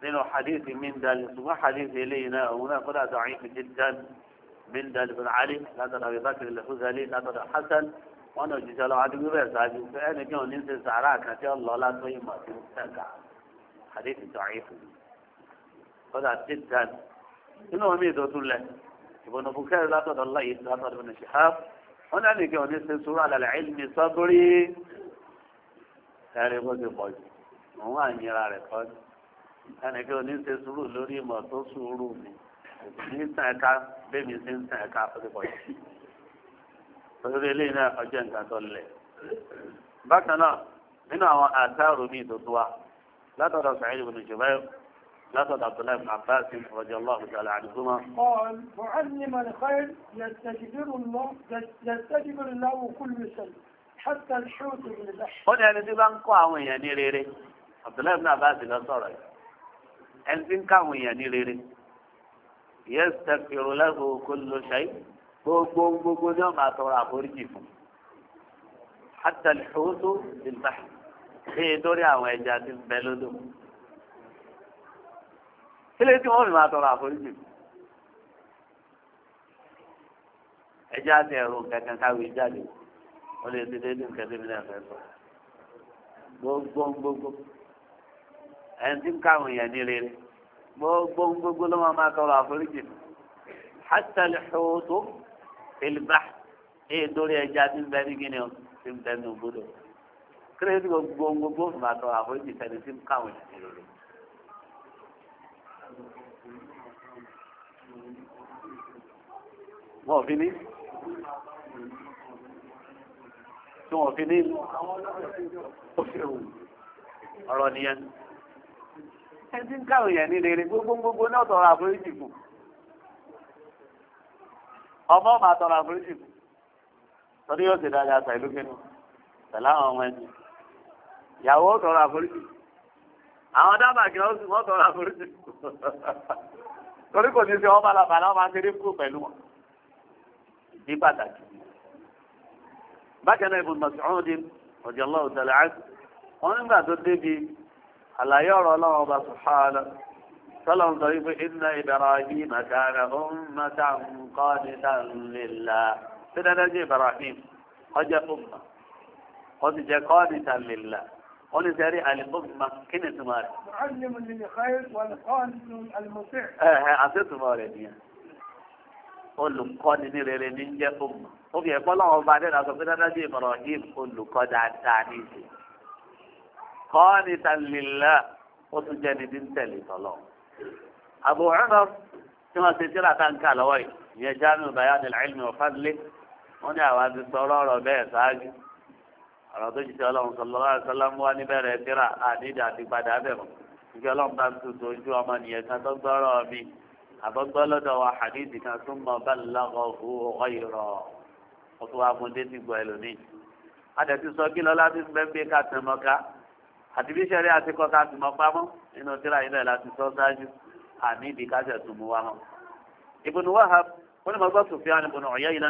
nínú hadith mi ń dalẹ̀ ṣùgbọ́n hadith eléyìí náà òun náà kódà da'if jiddan bin dali bin ali látọ̀dọ̀ àbí bákìrì lẹ́fúzẹ́lì látọ̀dọ̀ hasan wọn náà jíjẹ lọ adigun bẹ́ẹ̀ ṣáájú pé ẹnìkan ò ní ṣe sàárà kan tí ó lọ látọ̀ ìmọ̀ tí ó tẹ̀ka àdéhùn tó àyè fún mi. kódà tí dan inú omi ìdòtú lẹ ìbùnú bukẹ́rì látọ̀dọ̀ láyé látọ̀dọ̀ bin shihab wọn náà nìkan ò ní ṣe sùúrù àlàlẹ́ ìlmi sọ́gbórí ẹ̀rí bó ti pọ̀ jù òun àyìnra rẹ̀ kọ́ ẹnìkan ò ní ṣe sùúrù lórí ìmọ̀ tó sùúrù mi ní sàn ẹ̀ka bẹ́ẹ̀ mi sí ń sàn ẹ̀ka pẹ́pẹ́pọ̀ yìí pẹ̀lú eléyìí náà ọjọ́ nǹkan tó lẹ̀. bákan náà nínú àwọn àtàrò mi tuntun wa látọ̀dọ̀ Sa'id ibn Jubayr لقد عبد الله بن عباس رضي الله تعالى عنهما قال معلم الخير يستجبر الله يستجبر الله كل سنة حتى الحوت بن البحر قل يعني دي بانكو عوين يعني ريري عبد الله بن عباس لا صار يعني دي بانكو عوين يعني ريري yastaghfiru lahu kullu shay gbogbo gbogbo ní ọmọ àtọrọ àforíjì fún hatta al-hutu fil-bahr ṣéyìn lórí àwọn ẹja tí ń bẹ lódò kílé tí wọn fi máa tọrọ àforíjì fún ẹja ti ẹrù kankan káwé jáde wọn lè ti dédé nǹkan mi náà sọ gbogbo gbogbo ẹni tí ń káwọn yẹn ní rere gbogbo gbogbo ló máa máa tọrọ àforíjì hàtà lè ṣòwòtò ìlbà èyí dórí ẹja tí ń bẹ ní gíní o tí ń bẹ ní ògbódò kírẹ́sì gbogbo gbogbo máa tọrọ àforíjì sẹ́ni tí ń káwọn ìṣẹ̀lẹ̀ lórí. wọ́n fi ní tí wọ́n fi ní ọ̀rọ̀ nìyẹn ẹni tí ń káwọn èèyàn ní rere gbogbo gbogbo náà tọrọ àforíjì fún ọmọ ọmọ àtọrọ àforíjì fún torí yóò ṣe dáadáa pẹ̀lú kínú pẹ̀lú àwọn ọmọ ẹni ìyàwó tọrọ àforíjì àwọn dábàá kí wọ́n sì wọ́n tọrọ àforíjì torí kò ní í ṣe wọ́n balabàlá wọ́n máa ṣeré kúrò pẹ̀lú wọn ìdí pàtàkì bákan náà ibùdó mọ̀sán ọ̀dín ọ̀dí àlàyé ọ̀rọ̀ ọlọ́run ọba sùhánà sọ́lọ́n sọ wípé iná Ibrahim àtàrà ọmọdé nǹkan ní tàlélà tí dáadáa jẹ́ Ibrahim ọjọ́ ọmọ ó ti jẹ́ kọ́ ní tàlélà ó ní sẹ́rí àlùmọ́ kí ni tùmọ̀ rẹ̀. ẹ̀hẹ̀ àti tùmọ̀ rẹ̀ nìyẹn olùkọ́ni ní rere ní jẹ́ ọmọ ó fi ẹ̀kọ́ lọ́wọ́ ọba adé qanitan lillah ó tún jẹ́ ní díntẹ̀lì tọ́lọ̀. Abu Umar tí wọ́n ti tíra tá ń kà lọ́wọ́ yìí ìyẹn Jami'u Bayan al-Ilmi wa Fadli wọ́n ní àwọn ti sọ ọlọ́rọ̀ bẹ́ẹ̀ ṣáájú. ọ̀rọ̀ tó jìṣẹ́ ọlọ́run sallallahu alaihi wasallam wá níbẹ̀rẹ̀ tíra àdídì àti padà bẹ̀rù ìgbẹ́ ọlọ́run bá ń tutù ojú ọmọ àti bí sẹ́rí àti kọ́ ká sì mọ́ pamọ́ nínú tíra ilẹ̀ láti sọ ṣáájú àní ìdí ká sẹ̀ tún mú wa mọ́. Ibn Wahab ó ní mọ́gbọ́ Sufyan ibn Uyayna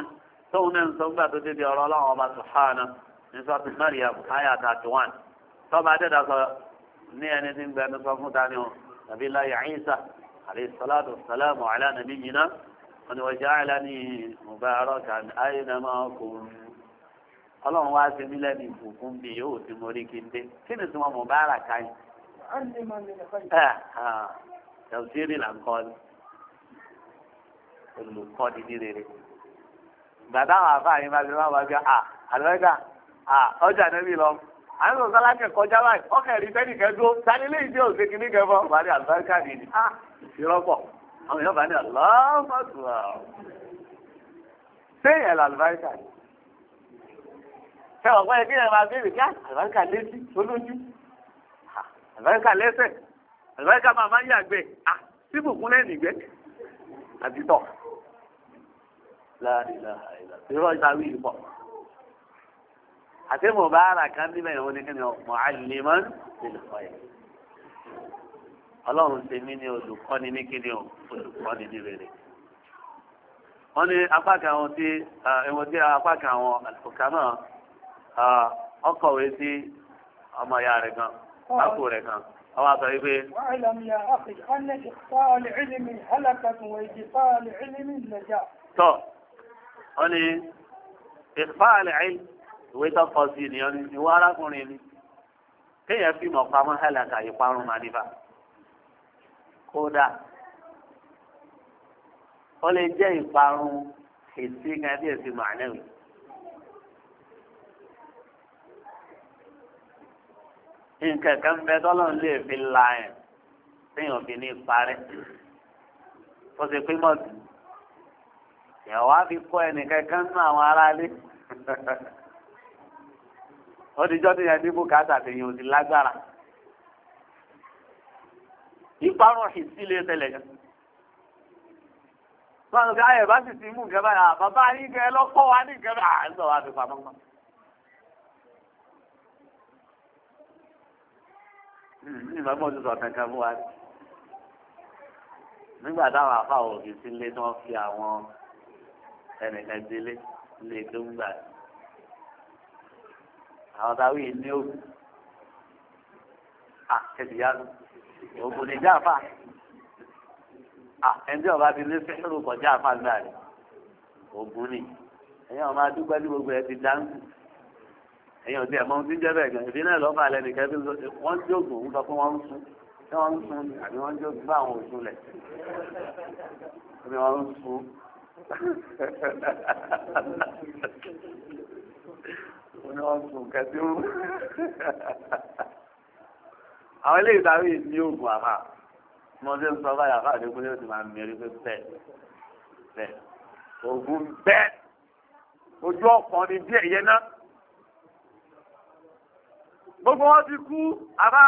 tóun náà ń sọ gbà tó débi ọ̀rọ̀ ọlọ́run ọba subhanahu ní sọ́tù Maryam aya thirty one tọ́ba adẹ́dà sọ ní ẹni tí ń gbẹ ẹni sọ fún tani o nàbí láyé Isa alayhi salatu ọlọ́run wá sí mi lẹ́nu ìbùkún mi yóò ti mo rí kí n dé kí ni tí wọn mọ̀ bá ara ká yìí. Ah, ah. tẹ̀síìrì là ń kọ́ ni olùkọ́ni ní rere gbàdá àwọn afáàyè máa fi máa wá bí a àlọ́gà a ọjà níbi lọ àwọn sọ̀rọ̀ sálákẹ̀ kọjá báyìí ọkẹ́ rí sẹ́nìkẹ́ dúró sani lè dé òsè kìíní kẹfọ́ wà ní àlùbáríkà nìyí a ah, ìrọ́pọ̀ àwọn èèyàn bá ní àlọ́mọ́tò àwọn ẹ ọ̀pọ̀ ẹbí ẹ máa béèrè bí àlùbáríkà létí olójú àlùbáríkà lẹ́sẹ̀ àlùbáríkà máa máa ń yàgbẹ́ à síbùkún lẹ́nu ìgbẹ́ àti tọ̀ ìrọ̀ ìtàwí ìpọ̀ àti mo bá ara kan níbẹ̀ ìwọ ni kíni ọ̀pọ̀ àlèmọ́ olùkọ́ yẹn ọlọ́run ṣe mí ní olùkọ́ni ní kíni olùkọ́ni ní rere wọ́n ní apá kan àwọn tí ẹ̀wọ̀n eh, tí apá kan àwọn àlùkò kan náà. ọkọ̀wé sí ọmọ ìyá rẹ̀ kan rẹ̀ kan ọwọ́ àtọ̀ wípé. tọ́ ọ ìwé sí ènìyàn arákùnrin ni kéèyàn fi mọ̀ pamọ́ hàlàkà ìparun kódà ó lè jẹ́ ìparun gan nǹkan kan bẹ tọ́lọ́run lè fi la ẹ̀ téèyàn fi ní parẹ́ ó ṣe pé mọ̀tì ìyàwó á fi kọ́ ẹnìkan kan nínú àwọn aráalé ó ti jọ́ téèyàn ní bùkátà téèyàn ò sì lágbára ìparun ìsí lè tẹ̀lẹ̀ gan. Báwo ni ayẹ̀ bá sì ti mú nǹkan báyà bàbá yín kẹ lọ́kọ́ wa ní nǹkan báyà ń sọ wá fi pamọ́ pamọ́. ní ìmọ̀gbọ́n ti sọ kankan fún wa nígbà táwọn afáwọ̀ òbí sí ilé tí wọ́n fi àwọn ẹnìkan délé ilé tó ń gbà àwọn táwọn yìí ní òkú à kẹsì yá òkú ní jáfa à ẹnjẹ ọba ti lé fẹrù kọjá àfa gbà rẹ òkú ni ẹyẹ ọba dúpẹ́ ní gbogbo ẹ ti dáńtù èyàn ò tí ẹ̀ ń jẹ́ bẹ́ẹ̀ gan ìbí náà lọ́ba alẹ́ nìkan bí wọ́n jókòó ń sọ pé wọ́n ń sún tí wọ́n ń sún ni àbí wọ́n jókòó bá àwọn òṣù lẹ̀ bí wọ́n ń sún. wọ́n ń sún kẹ́tí mú. àwọn ilé ìtàwé ní oògùn àfà mo ti ń sọ báyìí àfà àdékù ní oṣù máa ń mẹ́rin pé bẹ́ẹ̀ bẹ́ẹ̀ oògùn bẹ́ẹ̀ ojú ọ̀pọ̀ ni díẹ̀ yẹn náà gbogbo wọn ti kú àbá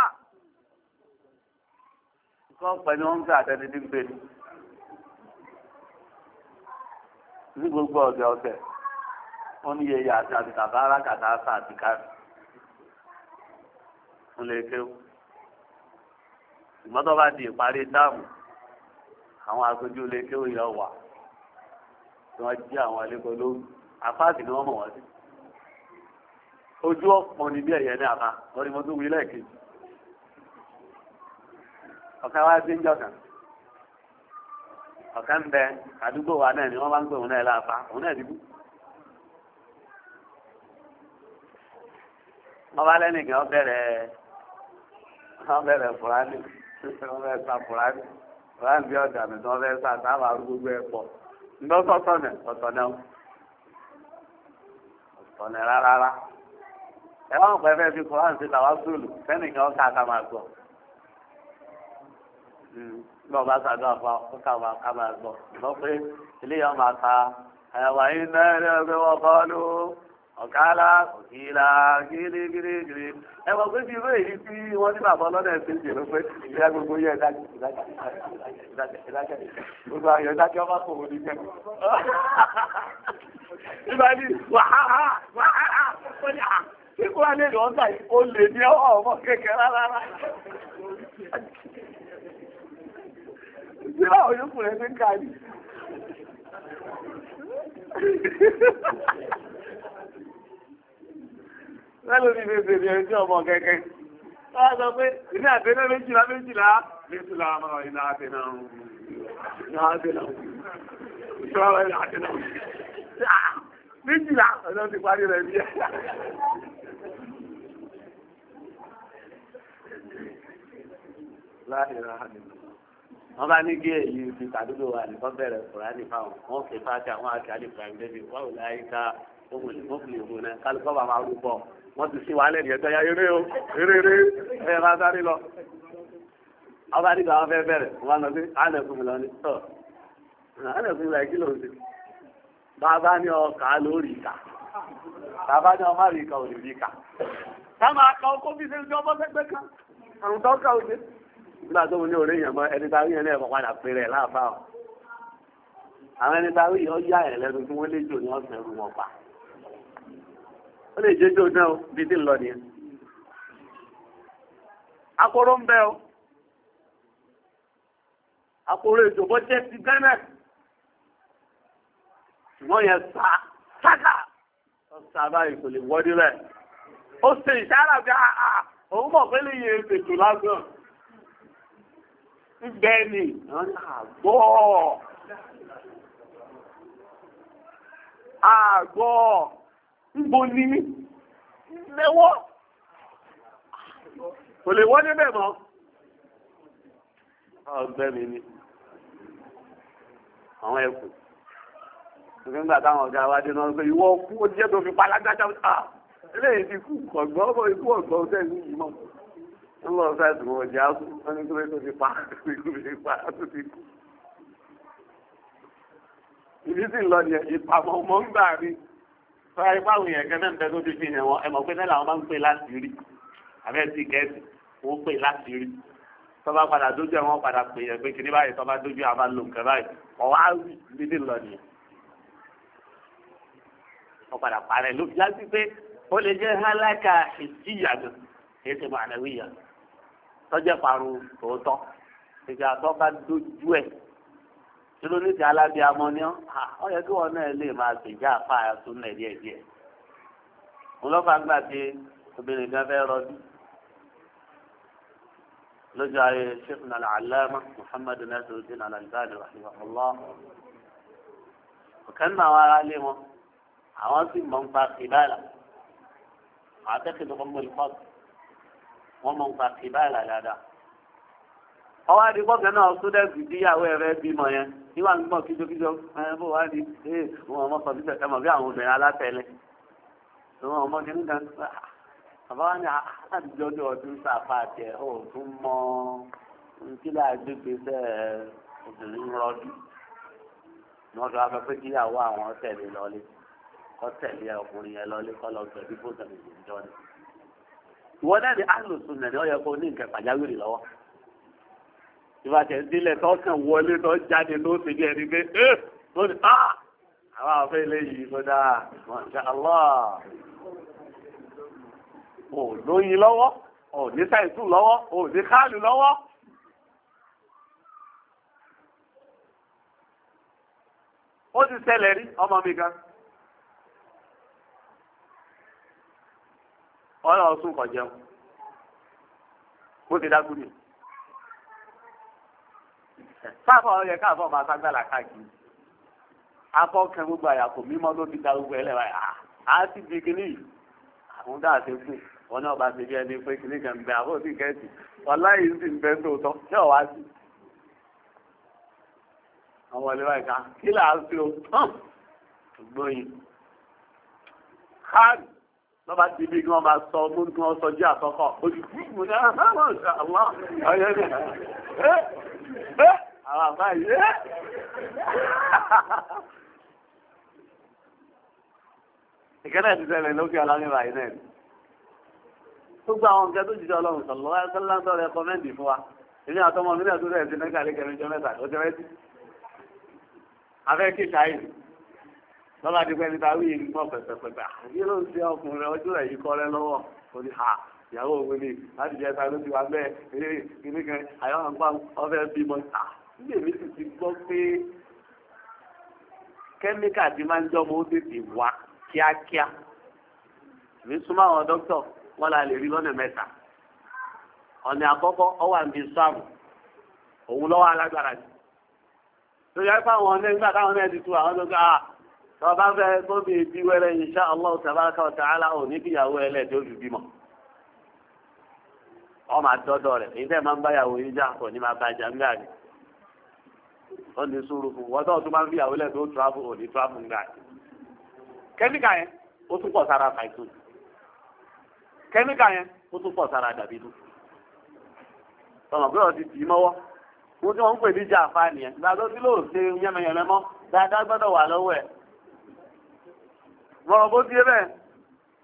nǹkan pẹ̀lú wọn ń gbé àtẹni ní gbé ní gbogbo ọ̀gẹ̀ ọ̀tẹ̀ wọn ní yeye àti àbìtàbá alákàtà àṣà àti kárì ń lè kéwù ìgbọ́n tó bá di ìparí dáàmù àwọn aṣojú lè kéwù yọ wà tí wọ́n jí àwọn ẹlẹ́kọ̀ọ́ lóru àfáàsì ni wọ́n mọ̀ wọ́n sí. ojú ọ̀pọ̀ ni bí ẹ̀yẹ ní àbá lórí mo tún wí lẹ́ẹ̀kejì ọ̀kan wá sí ọ̀kan bẹ àdúgbò wa náà ni wọ́n bá ń gbé òun náà láàpá òun náà dìbò wọ́n bá lẹ́nìkan wọ́n bẹ̀rẹ̀ wọ́n bẹ̀rẹ̀ ọ wọ́n bẹ̀rẹ̀ sa bí ọ̀dà mi sábà rárá. ẹ̀wọ̀n pẹ̀fẹ́ fi kọ́ àǹtí tàwa sùlù sẹ́nìkan ọ̀ka ká máa gbọ́. Lọ hmm, bá sàdúrà fún ọ̀ka máa ká máa gbọ́. Lọ pé eléyàwó máa ka ẹ̀wà yín náà ẹ̀rẹ́ wọn kọ́ ló ọ̀kálá òkìlá gírígírígírí. Ẹ mọ̀ pé bíi ìwé tí wọ́n ní bàbá ọlọ́dẹ ti ń jèrò pé ìyá gbogbo yẹ ìdájẹ́ ìdájẹ́ gbogbo ayọ̀ ìdájẹ́ ọmọ kò wọlé jẹ́. Ìbáyìí wàhálà wàhálà wọ́n ní ah, tí kó wá nílò ọ́n tàí ó lè ní ọmọ kékeré rárá. Ìjọba òyìnbó rẹ̀ ní kàrí. Lẹ́lú ní bèbè ní ẹjọ́ ọmọ kẹ́kẹ́. Wọ́n sọ pé ilé àtẹ́lẹ́ méjìlá méjìlá méjìlá máa ilá àtẹ́lẹ́ ọ̀hún. Ilá àtẹ́lẹ́ ọ̀hún. Ìjọba ìlà àtẹ́lẹ́ ọ̀hún. Méjìlá ọ̀dọ́ ti parí rẹ̀ bí ẹ. láìra wọn bá ní gé èyí fi tàdúgbò wa nìkan bẹ̀rẹ̀ kùránì fáwọn wọn fi fáṣẹ àwọn àti àlìkùrá ní débi wọn ò láyé ká ohun ìlú fún ìlú náà kálukọ́ bàbá arúgbó wọn ti sí wàhálẹ̀ ní ẹ̀tọ́ ya eré o eré eré ẹ̀ máa sáré lọ ọba nígbà wọn fẹ́ bẹ̀rẹ̀ wọn lọ sí àlẹkùn lọ ní tọ àlẹkùn lọ kí ló ń ṣe bàbá ní ọkà lórí ìkà bàbá ní ọmọ àríkà òní ríkà táwọn akọ ọkọ bí nígbà tó ní òré èèyàn mọ ẹni tá a rí yẹn lẹ́ẹ̀kọ́ padà péré ẹ̀ láàbá o àwọn ẹni tá a rí yẹn ó yá ẹ̀ lẹ́nu tí wọ́n lé jò ní ọ̀sẹ̀ rú wọn pa ó lè jẹ́jọ́ náà bí tí ń lọ nìyẹn akóró ń bẹ́ o akóró ètò bó jẹ́ ti gánà ṣùgbọ́n yẹn sá sáká ó sá báyìí wọ́dí rẹ̀ ó ṣe ìṣára bí i òun mọ̀ pé lè yẹ ètò lágbọ̀n bẹ́ẹ̀ ni àgbọ́ àgbọ́ ńbo ni lẹ́wọ́ kò lè wọ́n débẹ̀ mọ́ ọgbẹ́mi ni àwọn ẹkùn nígbà táwọn ọ̀gá wa dé náà pé ìwọ kú ó jẹ́ tó fi palágbájá ilé ah, ìdíkù ọ̀gbọ́n ikú ọ̀gbọ́n sẹ́yìn yìí mọ́ ń lọ sáàtì wọn ọjà kú wọn ní kúrẹ́ tó ti pa ikú fi pa tó ti kú. ìdí sì lọ ní ìpamọ́ ọmọ ń gbà rí sọ́ra ipá àwọn èèyàn kan náà ń bẹ tó ti fi hàn wọn ẹ̀mọ̀ pé náà làwọn máa ń pè láti rí àbẹ́ ti gẹ̀ẹ́sì wọ́n pè láti rí tọ́ba padà dójú ẹ̀ wọ́n padà pè yẹn pé kìnní báyìí tọ́ba dójú ẹ̀ a báyìí ọ̀wá rí ìdí lọ nìyẹn ọ̀padà parẹ́ ló fi pé ó lè jẹ́ hálákà ìjìyà gan kì í ṣe mànàwíyà gan tọ́jẹ́ parun tòótọ́ ìgbà tó bá dojú ẹ̀ tí ló ní ti alábí amọ́ni ọ́ ọ yẹ kí wọn náà lè máa gbèjà apá àtún náà díẹ̀ díẹ̀ mo lọ́ọ́ fàá gbà pé obìnrin kan fẹ́ rọbí lójú ayé sheikh nala alama muhammadu nasiruddin alalibani rahimahullah ọ̀kan náà wọn ará lé wọn àwọn sì mọ̀ ń pa ìbára àtẹ́kẹ̀dọ́gbọ̀n mọ́lẹ́kọ́tù wọ́n mọ̀ nípa kìbáàlà dáadáa. ọwọ́ adigunfẹ́ náà sódẹ́sì díyàwó ẹ̀rẹ́ bímọ yẹn níwà ń gbọ́ kíjokíjo bó wá di ee wọn ọmọ kan níbẹ̀ ẹmọ bí àwọn obìnrin alátẹ̀lẹ̀ wọn ọmọ kìíní kan bàbá wa ní ah, àtijọ́ ní ọdún sàfà àti ẹ̀ ò tún mọ nkílẹ̀ àgbègbè sẹ́ obìnrin rọdún ni wọ́n afẹ́ pé kíyàwó àwọn tẹ̀lé lọ́lé kọ́ ọkùnrin yẹn lọ́lé kọ́ lọ gbẹ̀bí bó tẹ̀lé ìjọ ìwọ́n náà ni nàní ọ̀yẹ́ kó ní nǹkan pàjáwìrì lọ́wọ́ ìbàjẹ́ ìdílé tó kàn wọlé tó jáde ló ti di ẹni pé ẹ́ eh! tó ní á ah! àwọn afẹ́ ilé yìí tó dáa Masha Allah ò lóyin lọ́wọ́ ò ní sáìtù lọ́wọ́ ò ní káàlù lọ́wọ́. ó ti ṣẹlẹ̀ rí ọmọ mi gan-an. ọ̀rọ̀ ọ̀sùn kọ̀ jẹun bó ti dágú ni. sáfà ọ̀yẹ máa ságbàlá káàkiri afọ́kẹ́ gbogbo àyà kò mímọ́ ló ti da gbogbo ẹ̀ yà á sì di kínní àwọn dáa ṣe kù wọn náà bá ṣe bí ẹni pé kínní kan bẹ àbọ̀ sí kẹ́ẹ̀sì ọ̀la yìí sì ń bẹ lóòótọ́ ṣé ọ̀wá sí. àwọn ìlú àìká kí là á sí o gbóyin lọ́ba ti bí kí wọ́n bá sọ mú kí wọ́n sọ jẹ́ àkọ́kọ́ olùkú ní àwọn ọ̀yẹ́ ni ẹ́ ẹ́ àwọn àbáyé ẹ́ ìkẹ́lẹ̀ ti tẹ̀lé lókè ọlọ́nìbà yìí náà gbogbo àwọn nǹkan tó jíjẹ ọlọ́run sọ̀lọ́ ẹ̀sọ́lá ń tọrọ ẹ̀kọ́mẹ́ǹdì fún wa èmi àtọmọ mi náà tó rẹ̀ sí mẹ́ta lé mẹ́ta ó ti rẹ́ sí lọ́la ti pẹ́ni ta wíyé nígbà pẹ̀pẹ̀pẹ̀pẹ̀ àbí ló ń ṣe ọkùnrin ọjọ́ rẹ̀ yìí kọ́rẹ́ lọ́wọ́ ó ní ha ìyàwó òun ni láti jẹ́ ló ti wá bẹ́ẹ̀ eré kíní kan àyọ̀ àgbà ọ̀fẹ́ bímọ ta níbi èmi sì ti gbọ́ pé kẹ́míkà ti máa ń jọmọ ó tètè wá kíákíá èmi súnmọ́ àwọn dókítọ̀ wọ́n la lè rí lọ́nà mẹ́ta ọ̀nà àkọ́kọ́ ọwà ń bi sáàmù òun lọ́wọ́ alágbára ni lórí ẹ̀fọ́ àwọn ọ̀nà nígbà tọ́ bá fẹ́ gbóbi bí wẹ́rẹ́ insha ta'ala ò ní kíyàwó ẹlẹ́dẹ̀ ó ọ rẹ̀ èyí tẹ́ máa ń báyàwó yín kò ní máa bá jà ńgà ni. ó ní sùúrù fún wọ́n tó máa ń fìyàwó ó ò ní kẹ́míkà yẹn ó tún pọ̀ sára kẹ́míkà yẹn ó tún pọ̀ sára dàbí tọmọ pé ọtí tì í mọ́wọ́ ń pè ní mọ̀rọ̀ bó ti bẹ́ẹ̀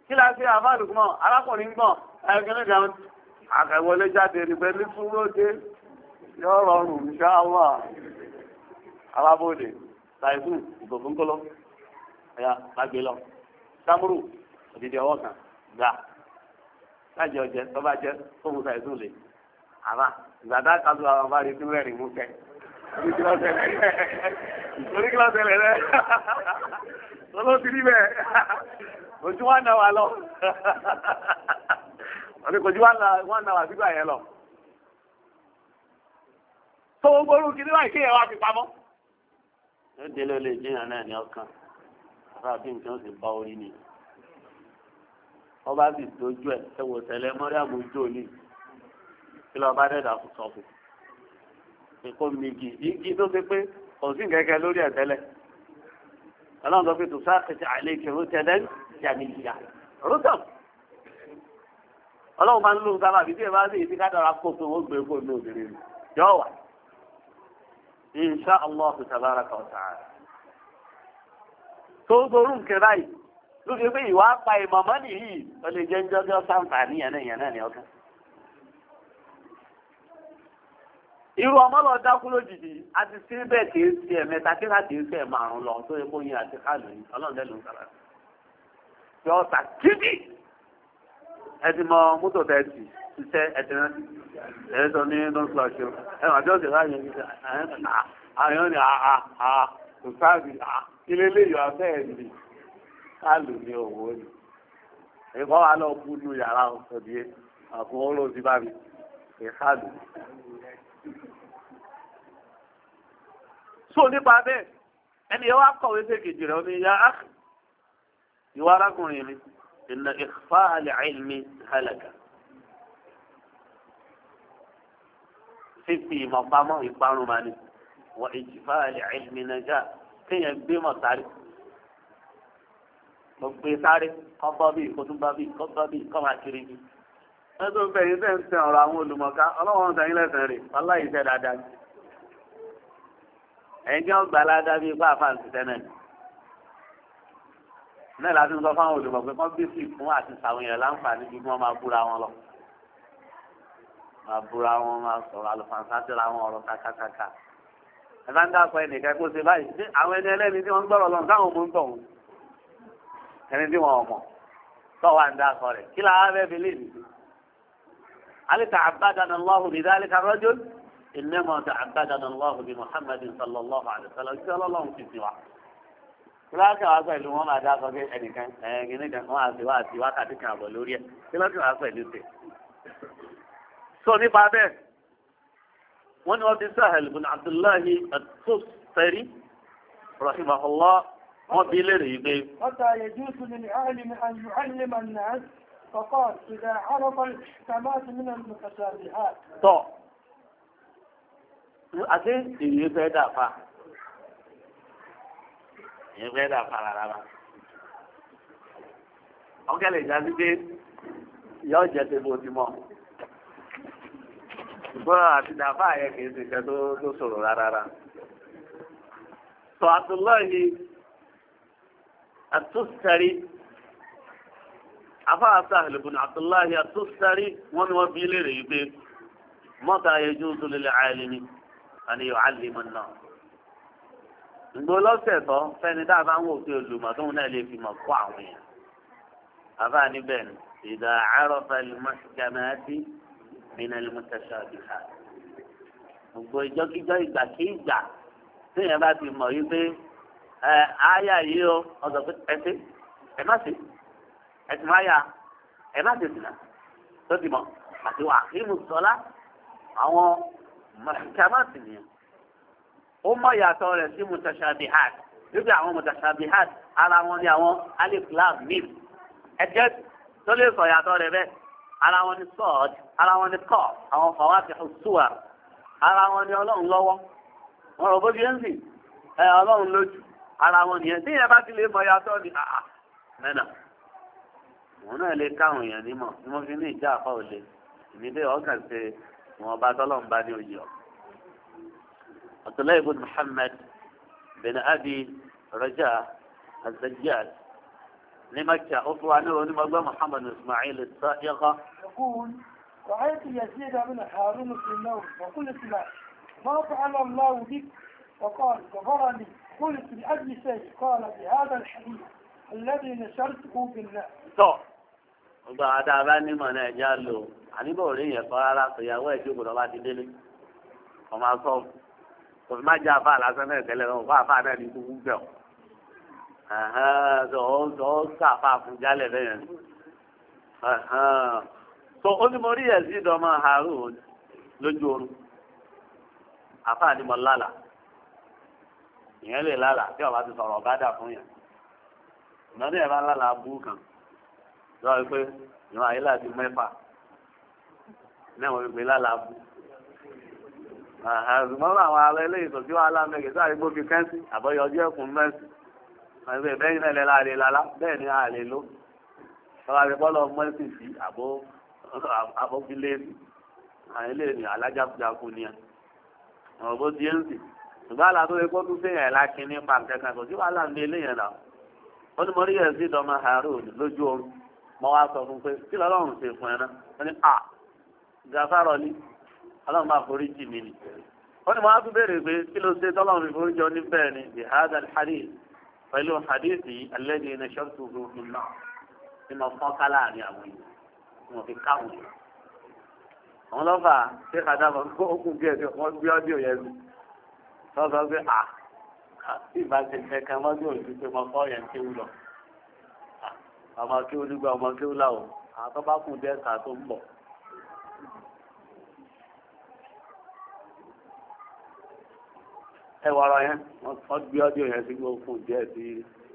kí la ṣe àfáàdù gbọ́n arákùnrin gbọ́n ẹgbẹ́rún ìdáhùn àkẹwọlé jáde ní pẹ̀lú súnmọ́dé yọ rọrùn ṣáwà alábòde tàìsù ìbòfúnkọlọ ẹ̀yà lágbé lọ sámúrù òdìdí ọwọ́ kan gbà lájẹ ọjẹ tọ́bajẹ tó mú tàìsù lè àbá ìgbàdá kásù àwọn bá rí sí torí kí lọ́sẹ̀ lẹ̀ rẹ̀ lọ́lọ́ ti rí bẹ́ẹ̀ ojú wa náà wà lọ ọ̀nà kò ju wa náà wà sígbà yẹn lọ. tó o gbóró kí níwáyé kí ẹ̀ wá fi pamọ́. ó délé olè jíyàn náà ní ọkàn àfààfin nǹkan ó sì bá orí ni ọba sì dojú ẹ ẹ wò tẹ́lẹ̀ mọrí àmójú òní kí lọ bá dẹdà sọ fún èkó méjì igi tó ṣe pé òsì kẹ̀kẹ́ lórí ẹ̀tẹ́lẹ̀ ọlọ́run tó fi tù sáàkìtì àlejò rútẹ́lẹ́ jàmìlìyà rútọ̀ ọlọ́run máa ń lù sábà bí tí ẹ bá sì ti ká dára kó fún wọn gbé kó ní obìnrin yọ wà insha allah tabaraka wa ta'ala tó gbórùn kẹrà yìí ló fi pé ìwà pa ìmọ̀mọ́ nìyí ó lè jẹ́ ń jọ́jọ́ sáǹfà níyànnà ìyànnà ni ọkàn. irú ọmọ dákú lójijì àti síbẹ̀ kìí ṣe ẹ̀mẹ́ta kí ká kìí ṣe márùn lọ tó yẹ kó yin àti káàlù yìí ọlọ́run dẹ́lu sára yọ ọ̀sà kíbi ẹ mọ mọ́tò tẹ́tì ṣiṣẹ́ ẹ̀tẹ̀rẹ́ ẹ̀rẹ́ sọ ní nọ́ọ̀sìlọ́ṣọ́ ẹ̀wọ̀n àti ọ̀sẹ̀ láàyè ní àyàn ah, ní ah, àà ah, tòṣáàbì ilé iléyọ̀ afẹ́ ẹ̀mí káàlù ní òwò ni ẹ̀kọ́ wa lọ kú nù yàrá ọ̀sọ̀díẹ́ so nípa bẹ́ẹ̀ ẹni yẹn wá kọ̀wé sékejì rẹ̀ omi ya áàkì ìwà arákùnrin mi ìnà ìfà àlẹ́ àìlmi hàlàkà fífi ìmọ̀ pamọ́ ìparun ma ni wà ìjìfà àlẹ́ àìlmi nàjà kéèyàn gbé mọ̀ sáré mo gbé sáré kọ́ bọ́ bí kó tún bá bí kọ́ bọ́ bí kọ́ máa kiri bí wọ́n tó ń fẹ́ yín tẹ́ ń tẹ ọ̀rọ̀ àwọn olùmọ̀ká ọlọ́wọ́n ń sẹ́yìn lẹ́sẹ̀ rè wáláyé iṣẹ́ dáadáa ni. ẹ̀yin tí wọ́n gbà ládàá bíi ipá àfáà ti tẹ́nẹ̀ ni. náà láti ń sọ fáwọn olùmọ̀ pé kán bí sì fún àti sàwọn èèyàn láǹfààní bí wọ́n máa búra wọn lọ. máa búra wọn máa sọ̀rọ̀ àlùfáàǹsá ti ra wọn ọ̀rọ̀ kàkàkàkà. ẹ bá ń dákọ ẹnìkan kó ṣe báyìí àwọn ẹni ẹlẹ́ni tí wọ́n gbọ́rọ̀ lọ sáwọn ọmọ ń tọ̀ wọn. ẹni tí wọn ò mọ̀ tọ́ wa ń kí làwọn abẹ́ fi lè nìyí. هل تعبدنا الله بذلك الرجل إنما تعبدنا الله بمحمد صلى الله عليه وسلم قال الله في سواه láti wá pẹ̀lú wọn máa dáa sọ pé ẹnìkan ẹ̀ẹ́gìnì kan wọn àti wá àti wákàtí kan àbọ̀ lórí ẹ̀ tí lọ́sìn wá pẹ̀lú tẹ̀. sọ nípa bẹ́ẹ̀ wọ́n ní wọ́n fi Sahel bin Abdullahi at-Tustari rahimahullah wọ́n fi léèrè yìí pé. wọ́n ta àyè jùsùn ní àhìlì mi àyù àhìlì mà nà á فقال إذا عرف الإحكامات من المتشابهات طب àti èyí fẹ́ dàfa èyí fẹ́ dàfa rárá ọkẹ́ lè já sí pé yọ jẹ́ tẹ́bù ti mọ́ ṣùgbọ́n àti dàfa yẹ kìí ṣe ṣe tó ṣòro rárá sọ Abdullahi àtúnṣẹ́rí afáà Sahl ibn Abdullahi at-Tustari wọ́n ní wọ́n bí léèrè yìí pé mọ́ta yajuzu lil alimi an yu'allima an-nas. ìgbó lọ́sẹ̀ tọ́ fẹ́ni tá a bá ń wò pé olùmọ̀ tó ń náà lè fi mọ̀ kọ́ àwọn èèyàn. afáà níbẹ̀ ni idha arafa al-mahkamati min al-mutashabihat. gbogbo ìjọkíjọ ìgbàkígbà téèyàn bá ti mọ̀ yí pé ẹ áyà yìí ó ọ ẹtì ẹ má tètè nà tó ti àti wà kí sọlá àwọn mọ̀síkàmáàtì nìyẹn ó mọ ìyàtọ̀ rẹ̀ sí mutashabihat níbi àwọn mutashabihat ara wọn ni àwọn alif lam mim tó lè sọ ìyàtọ̀ rẹ̀ bẹ́ẹ̀ ara wọn ni sọ́ọ̀d ara wọn ni kọ́ àwọn fàwáàtì ṣùwà ara wọn ni ọlọ́run lọ́wọ́ wọn rò bóbi ẹ́ńsì ẹ ọlọ́run lójú ara wọn nìyẹn tí ìyẹn bá ti lè mọ ìyàtọ̀ ni àà mẹ́nà. wọn náà lè káwọn èèyàn nímọ̀ ni wọ́n fi ní ìjà àpá òde èmi bẹ́ẹ̀ ọ̀gá ṣe wọn bá tọ́lọ́run bá ní oyè ọ̀. ọtọlẹyìn ibùdó muhammed bin Abi Raja azajad ní Mẹ́kà ó fún wa ní ọdún onímọ̀gbọ́ muhammed Ismail sáyẹ́kọ́. رأيت يزيد بن هارون في النوم وقلت له ما فعل الله بك وقال غفرني قلت لأجل شيء قال بهذا الحديث الذي نشرته بالله. gbogbo àwọn tá a bá nímọ̀ náà ẹ̀já lò àníbọ̀ òrí yẹn kọ́ rárá kò yàwó ẹ̀ jókòó lọ́ba ti délé ọmọ akọ kò fi má jẹ́ àfa àlásán náà tẹ́lẹ̀ náà fún àfa náà ní kúkú bẹ̀ ọ́ tó ó sàfà fún jálẹ̀ bẹ́yẹn tó ó ní mo rí yẹn sí ìdánmọ́ Harun lójú oorun àfa ni mo lálàá ìyẹn lè lálàá tí ọba ti sọ̀rọ̀ ọ̀gá dà fún yẹn ìnáwó yẹn bá lálàá bú kan lọ́wọ́ wípé ìwọ̀n ayé láti mẹ́fà náà wọ́n wípé lálàbù. àzùmọ́rù àwọn ará ilé ìtọ́jú alámẹ́gẹ̀ sáré gbóbi kẹ́ńsì àbọ̀yọjú ẹ̀kún mẹ́sì. wọ́n wípé bẹ́ẹ̀ náà lẹ́la àlè lálá bẹ́ẹ̀ ni àlè ló. lọ́wọ́ àti bọ́lọ̀ mẹ́sì sí àbó àbófilẹ́sì. àwọn ilé ni alájàkújakú ni ẹ̀. ọ̀rọ̀ bó di ẹ́ńsì ṣùgbọ́n àlà tó yẹ kó tún fẹ́yàn ẹ̀ lákin nípa nǹkan kan kò sí wàhálà ní ilé yẹn náà. ó ní mo rí ẹ̀ sí ìdánmọ̀ mọ wá sọ fún pé kí lọ́lọ́run ṣe fún ẹ náà wọ́n ní à gàfárọ̀ ni ọlọ́run máa forí jì mí ni wọ́n ní mo wá tún béèrè pé kí ló ṣe tọ́lọ́run fi forí jọ níbẹ̀ ni the hard and hard pẹ̀lú hadith yìí alẹ́ni iná ṣọ́ọ̀tù gbogbo náà ni mo fọ́n ká láàrin àwọn yìí ni mo fi káwọn yìí àwọn lọ́fà ṣé kàdáfọ̀ kó o kún bí ẹ̀ wọ́n gbé ọ́dí òyẹ́ mi lọ́sọ̀ọ́ pé à ìbáṣepẹ̀ kan mọ́tò òṣìṣẹ́ mọ́ fọ́ yẹn ti wúlọ̀ ọmọ kí ó nígbà ọmọ kí ó láwọ̀ àtọ́bákùn dẹ́ka tó ń bọ̀. ẹ yẹn wọ́n gbé ọdún yẹn sí gbogbo fún díẹ̀ sí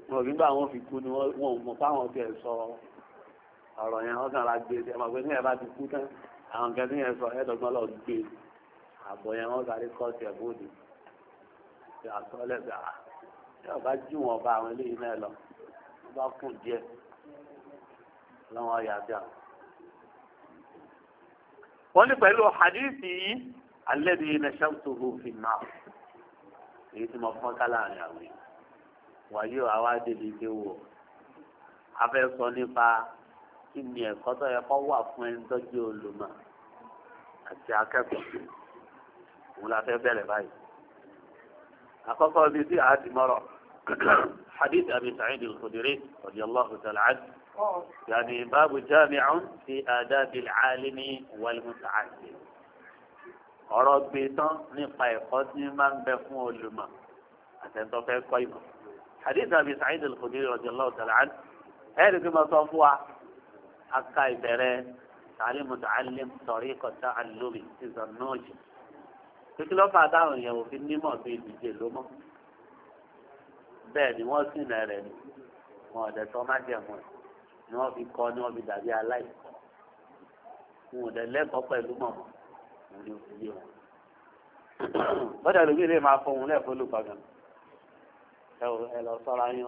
wọn nígbà wọn fi kú ni wọn mọ̀ fáwọn tí ẹ sọ ọ̀rọ̀ yẹn wọ́n kàn gbé ẹ mọ̀ pé ní ẹ bá ti kú tán àwọn kẹ́ni yẹn sọ ẹ̀ẹ́dọ́gbọ́n lọ gbé àbọ̀ yẹn wọ́n sáré kọ́ tiẹ̀ bóde àtọ́lẹ̀ gbà yóò bá jù wọn bá àwọn eléyìí náà lọ wọ́n bá kù díẹ̀ lọ́wọ́ ayé àti àwọn. wọ́n ní pẹ̀lú hadithi yìí alẹ́ ni nashamtuhu fi náà èyí tí mo fọ́n kálá àrìn àwìn wàyí ò àwa débi pé wò afẹ́ sọ nípa kí ni ẹ̀kọ́ tó yẹ kó wà fún ẹni tó jẹ́ olùmọ̀ àti akẹ́kọ̀ọ́ òun la fẹ́ bẹ̀rẹ̀ báyìí. àkọ́kọ́ bíi tí a ti mọ̀rọ̀ hadith abi sa'id al-khudri radiyallahu ta'ala يعني باب جامع في آداب العالم والمتعلم ọ̀rọ̀ gbé tán nípa ẹ̀kọ́ tí máa ń bẹ fún olùmọ̀ àtẹ̀ntọ́ fẹ́ kọ́ ìmọ̀ hadith abi sa'id al-khudri radiyallahu ta'ala an ẹ̀rí fi máa sọ fún wa aka ìbẹ̀rẹ̀ ta'lim muta'allim tariqa ta'allumi ti zannuji kíkìlọ́ fà dáhùn yẹn òfin nímọ̀ bíi ìdíje ló mọ́ bẹ́ẹ̀ ni wọ́n sì nà rẹ̀ ni wọn ò dẹ̀ tọ́ má jẹ̀mú ẹ̀ ni wọ́n fi kọ́ ni wọ́n fi dàbí aláìkọ́ wọn ò dẹ̀ lẹ́kọ̀ọ́ pẹ̀lú mọ̀ wọn ni ó fi yé wọn. bọ́dà lómi lè máa fọhùn lẹ́ẹ̀fọ́ olùkọ́ gan ẹ lọ sọ́ra yín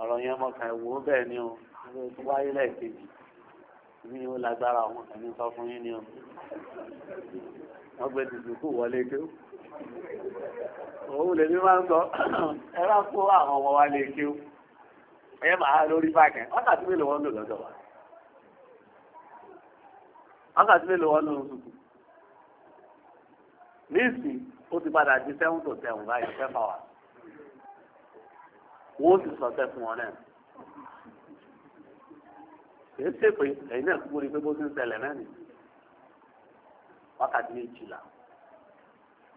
ọ̀rọ̀ yẹn mọ̀kàn ẹ̀wò bẹ́ẹ̀ ni o tó wáyé lẹ́ẹ̀kejì mi ni ó lágbára àwọn ẹni sọ fún yín ni o wọ́n gbé tuntun kù wọlé tó òun lèmi máa ń sọ ẹ bá kó àwọn ọmọ wa lè kí ẹ máa lórí báàkẹ́ wákàtí mélòó wọn lò lọ́dọ̀ wa wákàtí mélòó wọn lò lọ́sùkù nísìn ó ti padà di seven to seven báyìí fẹ́fà wa wọ́n sì sọ̀tẹ̀ fún wọn náà kìí ṣe pé ẹ̀yin náà kúkú rí pé bó ti ń ṣẹlẹ̀ náà nìyí wákàtí méjìlá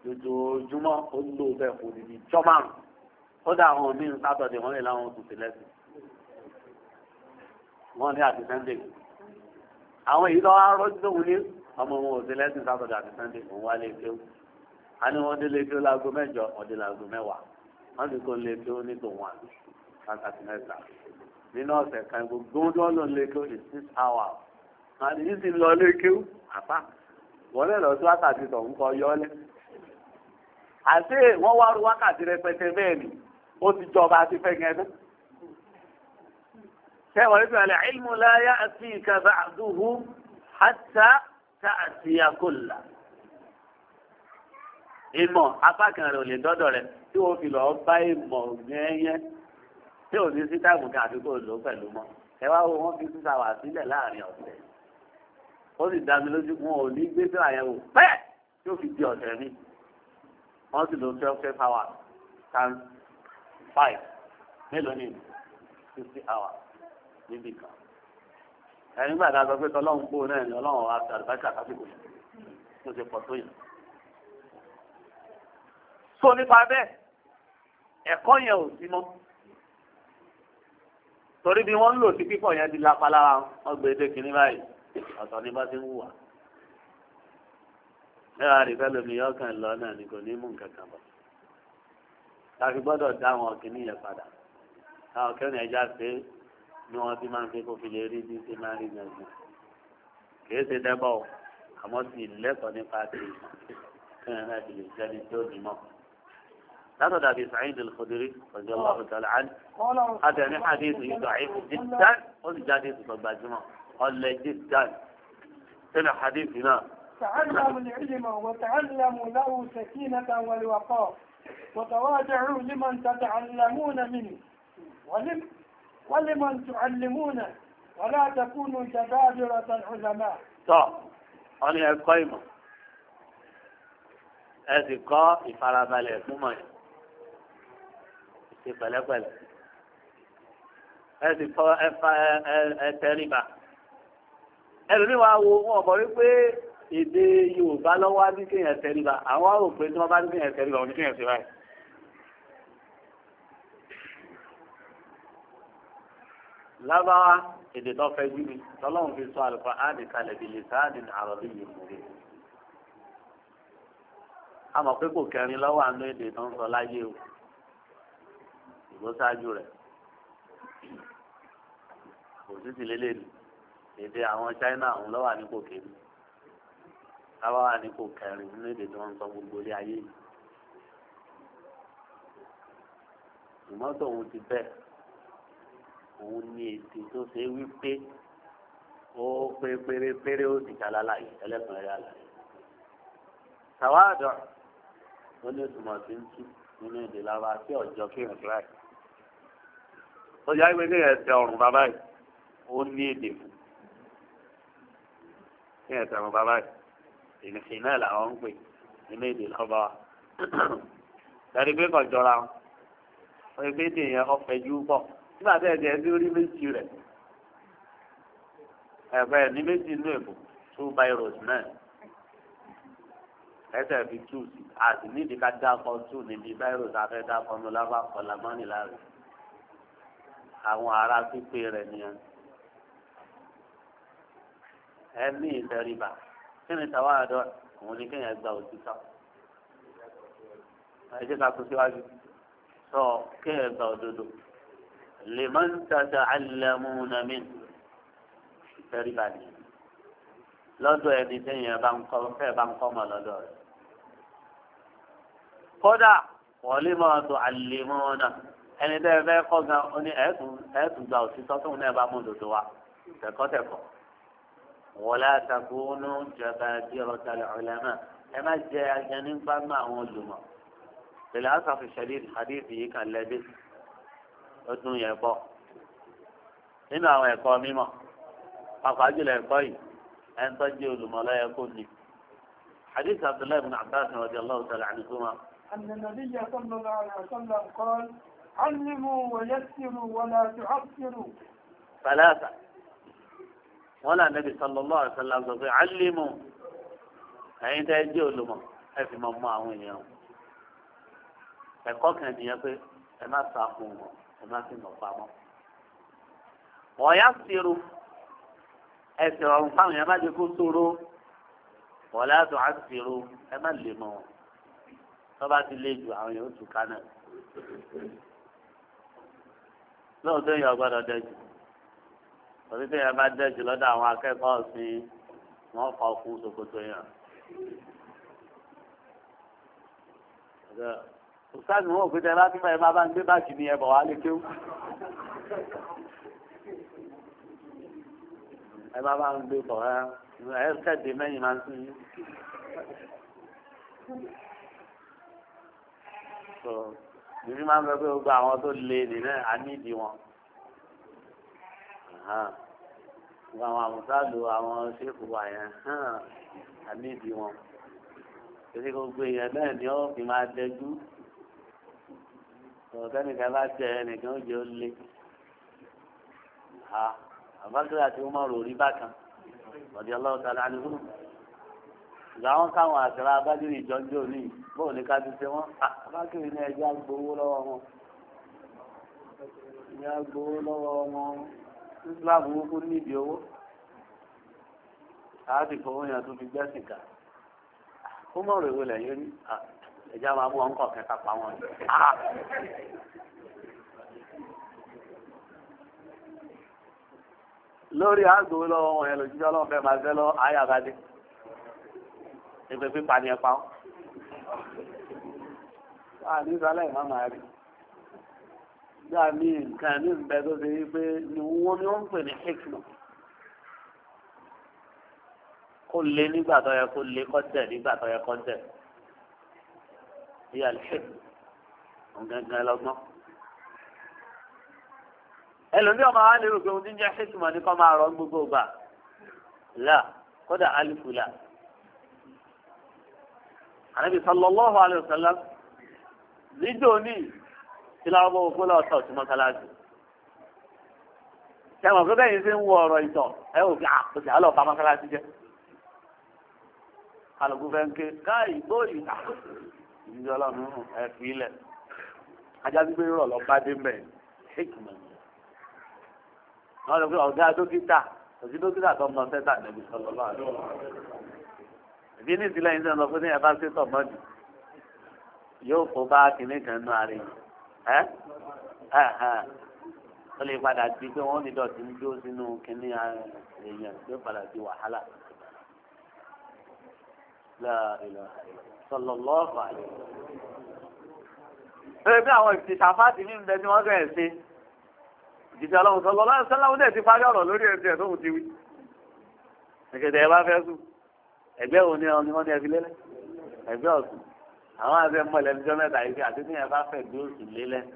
lójoojúmọ́ ó lò bẹ́ẹ̀ kò ní bí jọ́ márùn ó dá àwọn míín sátọ̀dẹ̀ wọ́n lè láwọn oṣù sílẹ̀ wọ́n ní àti sunday àwọn èyí lọ́wọ́ arọ́jọ́wò ní ọmọ wọn ò sí lẹ́sìn sátọ̀dẹ̀ àti sunday òun wá a ní wọ́n dé láago mẹ́jọ wọ́n dé láago mẹ́wàá wọ́n ti kó lé kéwù ní tòun àti mẹ́ta nínú ọ̀sẹ̀ kan gbogbo wọn lọ lé ní six hours sì lọ àpá wọ́n lè lọ sí wákàtí tó ń kọ yọ́lẹ̀ àti wọ́n wá wákàtí rẹpẹtẹ bẹ́ẹ̀ tẹ́wọ̀n nípa àlẹ́ ilmu láyá àti ìkàbà àdúhù hátà tá àti àkólà. ìmọ̀ apá kan rẹ̀ ò lè dọ́dọ̀ rẹ̀ tí wọ́n fi lọ́ọ́ bá ìmọ̀ gẹ́ẹ́yẹ́ tí ò ní sí táàmù kan àti kò lò pẹ̀lú mọ́. ẹ wá wo wọ́n fi sísá wà sílẹ̀ láàrin ọ̀sẹ̀. ó sì dá mi lójú wọn ò ní gbé sí àyẹ̀wò pẹ́ẹ́ tí ó fi di ọ̀sẹ̀ mi. wọ́n sì lo twelve twelve hours times five mélòó ni sixty hours níbì kan ẹni gbà tá a sọ pé tọlọ́run kó náà ni ọlọ́run wa àlùbáṣà kásìkò yìí ló ti pọ̀ tó yàn. so nípa bẹ́ẹ̀ ẹ̀kọ́ yẹn ò sí mọ́ torí bí wọ́n ń lò sí pípọ̀ yẹn di lápalára wọn gbé dé kínní báyìí ọ̀tọ̀ ní bá ti ń wùwà. ẹ̀rọ àdìfẹ́ lomi yọ lọ náà ni kò ní mú nǹkan kan bọ̀. láti gbọ́dọ̀ dá àwọn kìnnìyàn padà àwọn kẹ́rin ẹja ṣe é ni wọ́n ti máa ń fi kó fi lè rí bí ṣe máa rí yanjú kìí ṣe dẹ́bọ̀ o àmọ́ sì lẹ́kọ̀ọ́ nípa ti kí ẹ̀rọ náà ti lè jẹ́ ní tí ó dìímọ̀. látọ̀dọ̀ àbí Sa'id al-Khudri ọ̀jọ̀ ọ̀hún tọ́lá án àtẹ̀ní àdéhùn yìí dọ̀ àìfù dídán ó sì jáde ìtùtọ̀ gbajúmọ̀ ọ̀lẹ̀ dídán sínú àdéhùn náà. تعلموا العلم وتعلموا له سكينة والوقار وتواجعوا لمن تتعلمون منه ولم ولمن تعلمون ولا تكونوا جبابرة العلماء طب أنا القيمة ẹsì kọ́ ìfarabalẹ̀ fún mọ̀ yìí ṣe pẹ̀lẹ́pẹ̀lẹ́ ẹsì kọ́ ẹtẹríba ẹlòmíì wàá wo wọn bọ̀ wípé èdè Yorùbá lọ́wọ́ á ní kéèyàn tẹríba àwọn àròpé tí wọ́n bá ní kéèyàn tẹríba òun kéèyàn ṣe báyìí. lábáwá èdè tó fẹ́ jú mi tọ́lọ́run fi sọ àlùkò áàdì kalẹ̀ bí lè sáàdì àròlé yìí mú rí. a mọ̀ pé kò kẹrin lọ́wọ́ àánú èdè tó ń sọ láyé o ìgbó ṣáájú rẹ̀ kò sí ti lélẹ̀ nù èdè àwọn China òun lọ́wọ́ àníkò kẹrin lábáwá àníkò kẹrin nínú èdè tó ń sọ gbogbo ilé ayé yìí. ìmọ́tò òun ti bẹ́ẹ̀ òun ni èdè tó ṣe wípé ó pé pérépéré ó sì kálá láàyè ẹlẹ́kùnrin àlàyé. sàwádọ̀ ó ní ìtumọ̀ tí ń tú nínú èdè lára sí ọ̀jọ́ kéèyàn tíráì. ó yá ìwé kéèyàn tẹ ọrùn bàbá yìí ó ní èdè fún kéèyàn tẹ ọrùn bàbá yìí ìrìnsìn náà làwọn ń pè nínú èdè lọ́ba tẹ̀lé pé kò jọra wọn pé pé èdè yẹn ọ̀fẹ́ jú pọ̀ nígbà tí ẹ̀jẹ̀ ní orí méjì rẹ̀ ẹ̀fẹ̀ ní méjì inú èbò two virus náà ẹsẹ̀ fi two sí àti níbi ká dákọ̀ two níbi virus afẹ́ dákọ̀ ní ọlọ́wọ́ àkọlà mọ́nì láàrin àwọn ará pípé rẹ̀ nìyẹn ẹ ní ìtẹríba kí ni tàwa àdó òun ni kéèyàn gba òtítọ́ ẹ jẹ́ ká kó síwájú sọ kéèyàn gba òdodo lèmọ́n tata alẹ́múnami tẹ́rìbà ni lọ́dọ̀ ẹni tẹ́yìn bá ń kọ́ fẹ́ bá ń kọ́ mọ́ lọ́dọ̀ rẹ̀ kódà wọlé mọ́ tó alẹ́múnà ẹni tẹ́ fẹ́ kọ́ gan oní ẹ̀ẹ́dùn gba òtítọ́ tóun náà bá mú dodo wa tẹ̀kọ́tẹ̀kọ́ wọlé àtàkùnú jẹba díẹ̀ ọ̀tá lẹ́ọ̀lẹ́mà ẹ má jẹ ajẹ́ nígbà máa wọn lùmọ̀ tẹ̀lé àtàkùn ṣẹlẹ̀ àdéhìí kan lẹ́bí ọdún yẹn bọ̀ nínú àwọn ẹ̀kọ́ mímọ̀ pàpàjùlọ ẹ̀kọ́ yìí ẹni tó jẹ́ olùmọ̀lẹ́yẹ kò ní. حديث عبد الله بن عباس رضي الله تعالى عنهما أن النبي صلى الله عليه وسلم قال علموا ويسروا ولا تعسروا ثلاثة ولا النبي صلى الله عليه وسلم قال علموا ẹ̀yin tẹ́ jẹ́ olùmọ̀ ẹ ما máa mọ àwọn èèyàn ẹ̀kọ́ kan nìyẹn pé ẹ má fi mọ̀ pamọ́. ọ̀yá ṣerú ẹsẹ̀ ọ̀run fáwọn yẹn má jẹ́ kó ṣòro ọ̀lá tó á ṣerú ẹ má lè mọ̀ wọn tọ́ba ti lé ju àwọn yẹn ó tù ká náà. lóòótọ́ yẹn ọgbọ́dọ̀ dẹ́jú òbí tó yẹn bá dẹ́jú lọ́dọ̀ àwọn akẹ́kọ̀ọ́ sí wọ́n fọ́ fún ṣòkòtò yẹn. Ustaz wọn òfin tẹ láti máa ẹ máa bá ń gbé báàkì ní ẹbọ̀ wá lé kéwú. Ẹ máa bá ń gbé bọ̀ ẹ́ ẹ kẹ́dé mẹ́yìn máa ń sún yín. So, ìbí máa ń sọ pé gbogbo àwọn tó le nìyẹn á nídìí wọn. Gbogbo àwọn àmúsálò àwọn ṣéèkù wà yẹn á nídìí wọn. Èsì gbogbo èèyàn náà ni ó fi máa dẹjú tọ̀tẹ́nìkan bá jẹ ẹnìkan ó jẹ ó lé ha àbákẹ́rẹ́ àti ọmọ rò rí bákan ọ̀dẹ̀ ọlọ́ọ̀ta la ní wúlò ìgbà wọn káwọn àtẹrà abájúrì ìjọ́jọ́ ní bóun ní ká ti ṣe wọn àbákẹ́rẹ́ ní ẹjẹ́ agbowó lọ́wọ́ wọn ẹjẹ́ agbowó lọ́wọ́ wọn Islam wọn kú nídìí owó káàdì fowó yẹn tó fi gbẹ́sìn ká ó mọ̀ rèwé lẹ́yìn ní ẹ̀jẹ̀ máa mú wọn kọ̀ kẹta pa wọn. lórí àgbò lọ́wọ́ wọn yẹn lòjijì ọlọ́run fẹ́ máa fẹ́ lọ ayàbádé ìpè pípa ni ẹ pa ọ́. àní sálẹ̀ má máa rí gbà mí nǹkan ní ìbẹ tó ṣe yí pé ni wọ́n ní wọ́n ń pè ní hekima kó lé nígbà tó yẹ kó lé kọ́ nígbà tó yẹ kọ́ هي الحلم ọ̀gangan lọ́gbọ́n. ẹlòmí ọmọ wa lérò pé oúnjẹ ṣètùmọ̀ ní kọ́ máa rọ gbogbo gbà là kódà alifula. ànábì sallallahu alaihi wasallam níjó ní ìlànà òkú lọ́tọ̀ tí mọ́sálásì. sẹ́wọ̀n pé bẹ́ẹ̀ ṣe ń wọ ọ̀rọ̀ ìtọ̀ ẹ ò fi àpòsí ah, àlọ́ pa mọ́sálásì jẹ́. alùpùpù fẹ́ ń ké káyì bóyì àpòsí. Ah ìdíjọ́ ọlọ́run ẹ fi ilẹ̀ ajá gbígbé rọ̀ lọ bá dé mbẹ̀ hikman wọ́n lọ fi ọ̀gá dókítà òsì dókítà tó mọ sẹ́tà níbi sọ̀rọ̀ lọ́wọ́ ìdí ní ìdílé yìí sọ̀rọ̀ fún ní ẹ̀bá sétọ̀ mọ́dì yóò kó bá kínní kan nù àárẹ̀ ẹ́ ẹ́ ẹ́ ó lè padà di pé wọ́n ní dọ̀tí ń dúró sínú kínní èèyàn yóò padà di wàhálà. La ilaha illallah sallallahu alaihi ẹ bí àwọn ìfìṣàfáàtì ní ìbẹ̀ tí wọ́n fẹ́ ṣe ìjìṣẹ́ ọlọ́run sallallahu alaihi wasallam dẹ̀ ti parí ọ̀rọ̀ lórí ẹ̀sìn ẹ̀tọ́ òun ti wí ẹ̀kẹ́dẹ̀ ẹ bá fẹ́ sùn ẹgbẹ́ òun ni ọ ni wọ́n ní ẹbí lélẹ̀ ẹgbẹ́ ọ̀sùn àwọn àti ẹmọ ẹlẹ́nijọ́ mẹ́ta yìí àti tí yẹn bá fẹ́ gbé òsùn lélẹ̀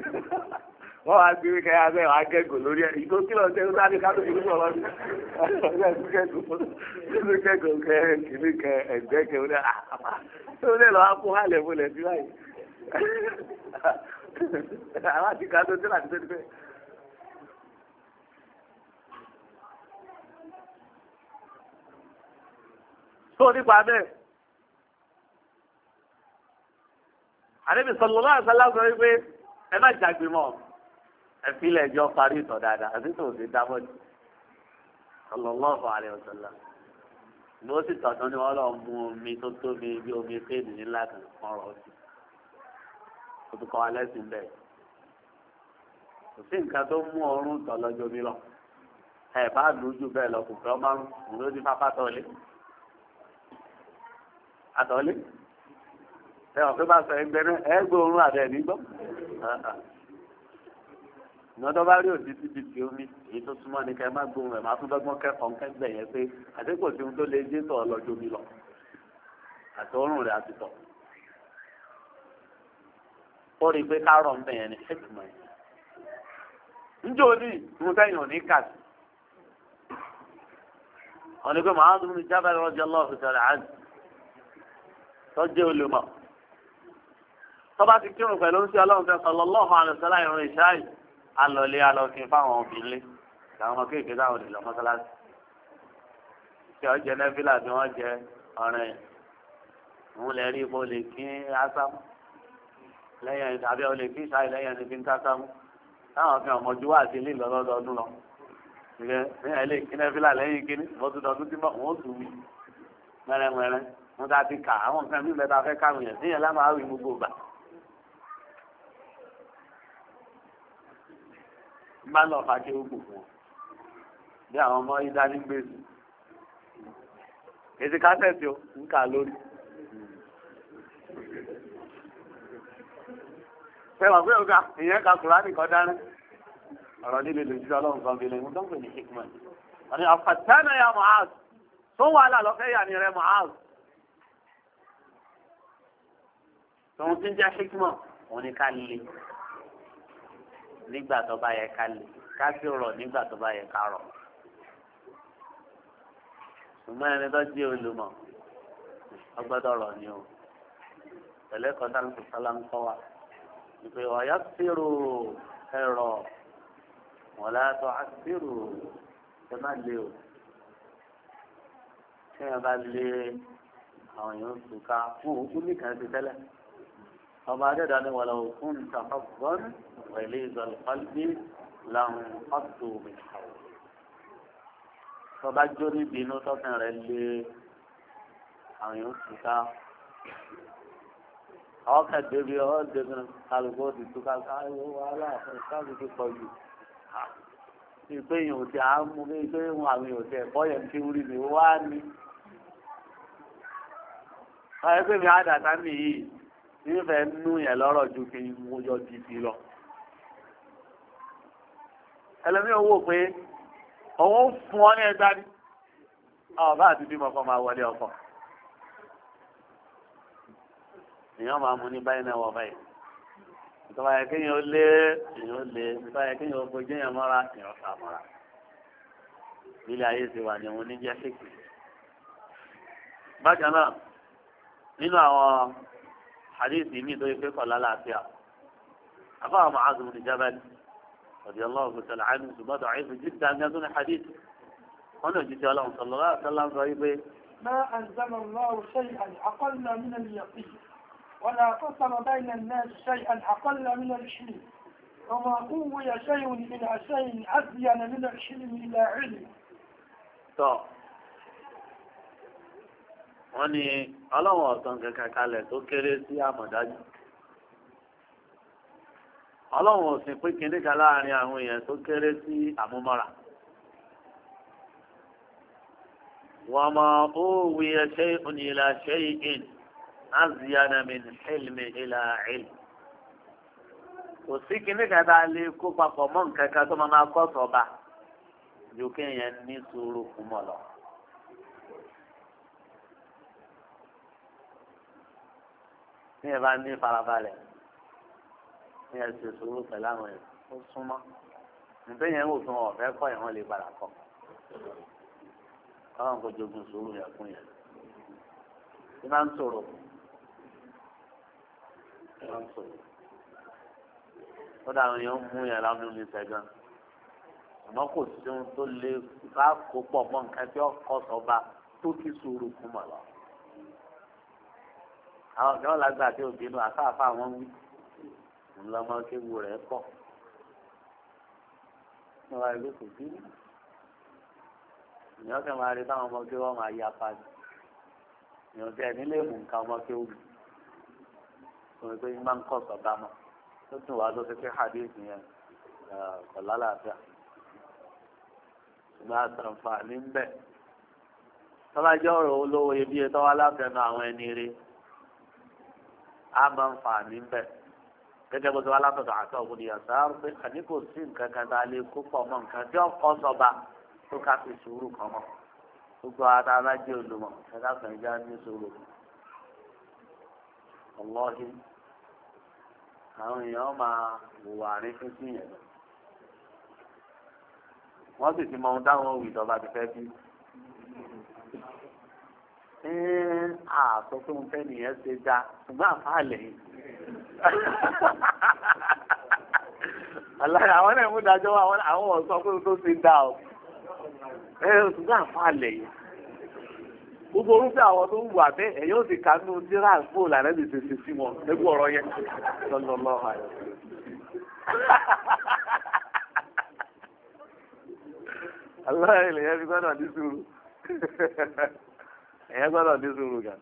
ó lè wọ́n wá gbé kẹ́ abẹ́ wá gẹ́gò lórí ẹ̀ ìgò kí lọ sí ẹ̀rọ láti kátó kìíní sọ̀rọ̀ ní ẹ̀rọ gẹ́gò kẹ́ kìíní kẹ́ ẹ̀gbẹ́ kẹ́ ọ̀dẹ́ àpá tó lè lọ́ wá fún hàlẹ̀ fún lẹ̀ sí báyìí àwọn àti kátó tí láti tẹ́lẹ̀ bẹ́ẹ̀. tó nípa bẹ́ẹ̀ àdébìsọ̀ lọ́wọ́ àṣálá sọ wípé ẹ má jàgbé mọ́ ẹ̀fílẹ̀ ẹjọ́ parí ìtọ̀ dáadáa àti tó ṣe dábọ̀ jù sallallahu alaihi wasallam ló sì tọ̀tún ni wọ́n lọ mú omi tó tóbi bí omi fèèdì nílá kan ọ̀rọ̀ sí o tún kọ́ alẹ́ sí bẹ́ẹ̀ kò sí nǹkan tó mú ọrùn tọ̀ lọ́jọ́ mi lọ ẹ̀ bá lù bẹ́ẹ̀ lọ kò fẹ́ márùn-ún ló ní pápá tọ̀lé àtọ̀lé ẹ̀ ọ̀fẹ́ bá sọ ẹgbẹ́ náà ẹ̀ gbé orun àbẹ̀ nígbọ́ ìmọ̀tọ́ bá rí òdi síbi tí omi èyí tó súnmọ́ ni ká má gbóhùn ẹ̀ máa tún dọ́gbọ́n kẹ́kọ̀ọ́ ń kẹ́gbẹ̀ yẹn pé àdékò tí ohun tó lè dé tọ̀ lọ́jọ́ omi lọ àti ọrùn rẹ̀ àti tọ̀. ó rí i pé kárọ̀ ń bẹ̀ yẹn ni ṣèkìmọ̀ yẹn. njó ní mo sẹ́yìn ò ní kà sí. wọ́n ní pé màá dùn ní jábẹ́ lọ́jọ́ lọ́ọ̀fù sọ̀rọ̀ àjù tọ́jú olùmọ̀ tọ́ba ti kírun pẹ̀lú ń alọlé alọsìn fáwọn obìnrin làwọn ọmọ kéèké táwọn lè lọ mọ́sálásí tí wọ́n jẹ nẹ́fílà tí wọ́n jẹ ọ̀rìn òun lè rí ipò lè kí ásámù lẹ́yìn tàbí ọ lè kí ìṣáì lẹ́yìn ẹni fi ń kásámù táwọn fi hàn mọ́jú wá sí ilé ìlọ́lọ́dọọdún lọ ìgbẹ́ ní ẹ̀lẹ́ ìkíní fílà lẹ́yìn ìkíní bọ́túndọ̀dún tí wọ́n tù mí mẹ́rẹ̀mẹ́rẹ́ mo ta ti kà àwọn nǹkan mi fẹ́ káwọn yẹn máa lọ fà kéwù kò fún ọ bí àwọn ọmọ ìdánigbèsè èsì kásẹ̀tì ó ń kà lórí. Fẹ́wà pé ọ̀gá ìyẹn ka Kùránì kan dáná. Ọ̀rọ̀ nílé lòdì sí ọlọ́run kan bílẹ̀ ìwọ̀n tó ń pè ní Hikman. Wọ́n ní àfàtánà ya Mu'az tó wà ti ń jẹ́ Hikman, òun ni ká lè nígbà tó bá yẹ ká lè ká sì rọ̀ nígbà tó bá yẹ ká rọ̀ ṣùgbọ́n ẹni tó jẹ́ olùmọ̀ ọgbọ́dọ̀ rọ̀ ni o pẹ̀lẹ́ kọ́tà ń sọ sálá ń kọ́ wa ìpè ọ̀yá sírò ẹ̀rọ wọ̀lá tó a sírò ẹ má lé o tí ẹ bá lé àwọn èèyàn sùn ká fún òkú nìkan ti tẹ́lẹ̀ ọba adẹ́dà ni wàlá òkun tàfàbọ́n pẹ̀lú ìzọlùpàlùbí làwọn ọ̀tò mi kàwé. tọ́ba jó níbi inú tọ́kàn rẹ̀ lé àwọn yóò tún ká ọkà débi ọ débi kálukó ti tún ká káyọ̀ wàhálà káàdì ti pọ̀ jù. ìpè yìí ò ti à ń mú mi ìpè yìí àwọn ti ẹ̀kọ́ yẹn ti wúri mi wá ní. ọ̀rẹ́ pé mi á dàtà mi yìí nífẹ̀ẹ́ nú yẹn lọ́rọ̀ ju kí mo yọ dìbì lọ. ẹlẹ́mìí owó pé òun fún ọ ní ẹgbàá ni ọba àti bímọ kan máa wọlé ọkọ. èèyàn máa mú ní báyìí náà wọ báyìí. ìtọ́ba yẹ kéèyàn lé èèyàn lé ìtọ́ba yẹ kéèyàn fojú èèyàn mọ́ra èèyàn fà mọ́ra. ilé ayé ti wà ní òun ní jẹ́ síkì. bákan náà nínú àwọn hadithi mi tó yẹ pé kọ̀ lálàáfíà afáwọn Mu'adh bin Jabal radiyallahu ta'ala anhu ṣùgbọ́n tó àyè fún jíjà ní ẹdún ní hadith wọn náà jíjẹ ọlọ́run sallallahu alaihi wasallam sọ wípé. ma anzala Allahu shay'an aqalla min al-yaqin wala qasama bayna an-nas shay'an aqalla min al-ilm وما قوي شيء إلى شيء أبين من العلم إلى علم. طب. وني ọlọ́run ọ̀sán kankan kalẹ̀ tó kéré sí àmọ̀dájú ọlọ́run òsìn pín kínní kan láàrin àwọn èèyàn tó kéré sí àmúmọ́ra wọ́n mọ òwe ẹṣẹ́ onílà ṣe ìhìn aziyana min ilmi ila ilmi kò sí kínní kan tá a lè kó papọ̀ mọ́ nǹkan kan tó máa kọ́ sọ̀ba ju kéèyàn ní sùúrù kú mọ́ ní ẹ bá ní farabalẹ̀ ní ẹ ṣe sùúrù pẹ̀lú àwọn ẹ̀ ó súnmọ́ nítorí yẹn wò fún ọ̀fẹ́ kọ́ ẹ̀ wọ́n lè padà kọ́ káwọn kò jogun sùúrù yẹn fún yẹn bí máa ń sọ̀rọ̀ máa ń sọ̀rọ̀ ó dàrú yẹn ń mú yẹn lábẹ́ omi sẹ́gàn àmọ́ kò sí ohun tó lè bá kó pọ̀ mọ́ nǹkan tí ọkọ̀ sọ́ba tó kí sùúrù kú mọ̀ lọ́wọ́ àwọn kan lágbà tí òbí inú àfáàfáà wọn wí ńlọmọ kéwu rẹ kọ níwá ìlú kò sí ìyàn kẹ máa rí táwọn ọmọ kí wọn máa yá pàdé ìyàn tẹ nílé mú nǹkan ọmọ kí ó wù òun pé máa ń kọ sọgbà mọ tó tún wàá tó fi pé hadith yẹn kọ lálàáfíà ṣùgbọ́n àtàǹfààní ń bẹ tọ́lájọ́ ọ̀rọ̀ olówó iyebíye tọ́wọ́ aláfẹ́nu àwọn ẹni rí a máa ń fa àmì bẹ́ẹ̀ gẹ́gẹ́ bó ti wá látọ̀dọ̀ àti ọ̀gbìn ni yàtọ̀ pé àní kò sí nǹkan kan tá a lè kó pọ̀ mọ́ nǹkan tí ọkọ sọba tó ká fi sùúrù kan mọ́ gbogbo ara bá jẹ́ olùmọ̀ ẹ̀ka kan já ní sòrò ọlọ́ọ̀hí àwọn èèyàn máa wùwà rí fífi yẹn lọ wọ́n sì ti mọ ohun táwọn òwì ìjọba ti fẹ́ bí. àtọ́ tó ń fẹ́ nìyẹn ṣe dá ṣùgbọ́n àfáàlẹ̀ yìí. àwọn dájọ́ àwọn ọ̀sán tó ṣe dá o ṣùgbọ́n àfáàlẹ̀ yìí. gbogbo orúfẹ́ àwọn tó ń wà bẹ́ẹ̀ ẹ̀yọ́ ti kà nínú tíra fò lànà lè ṣe sí wọn lẹ́gbọ́ ọ̀rọ̀ yẹn yẹn fi gbọ́dọ̀ ní sùúrù. ẹ̀yẹ́ gbọ́dọ̀ ní sùúrù gà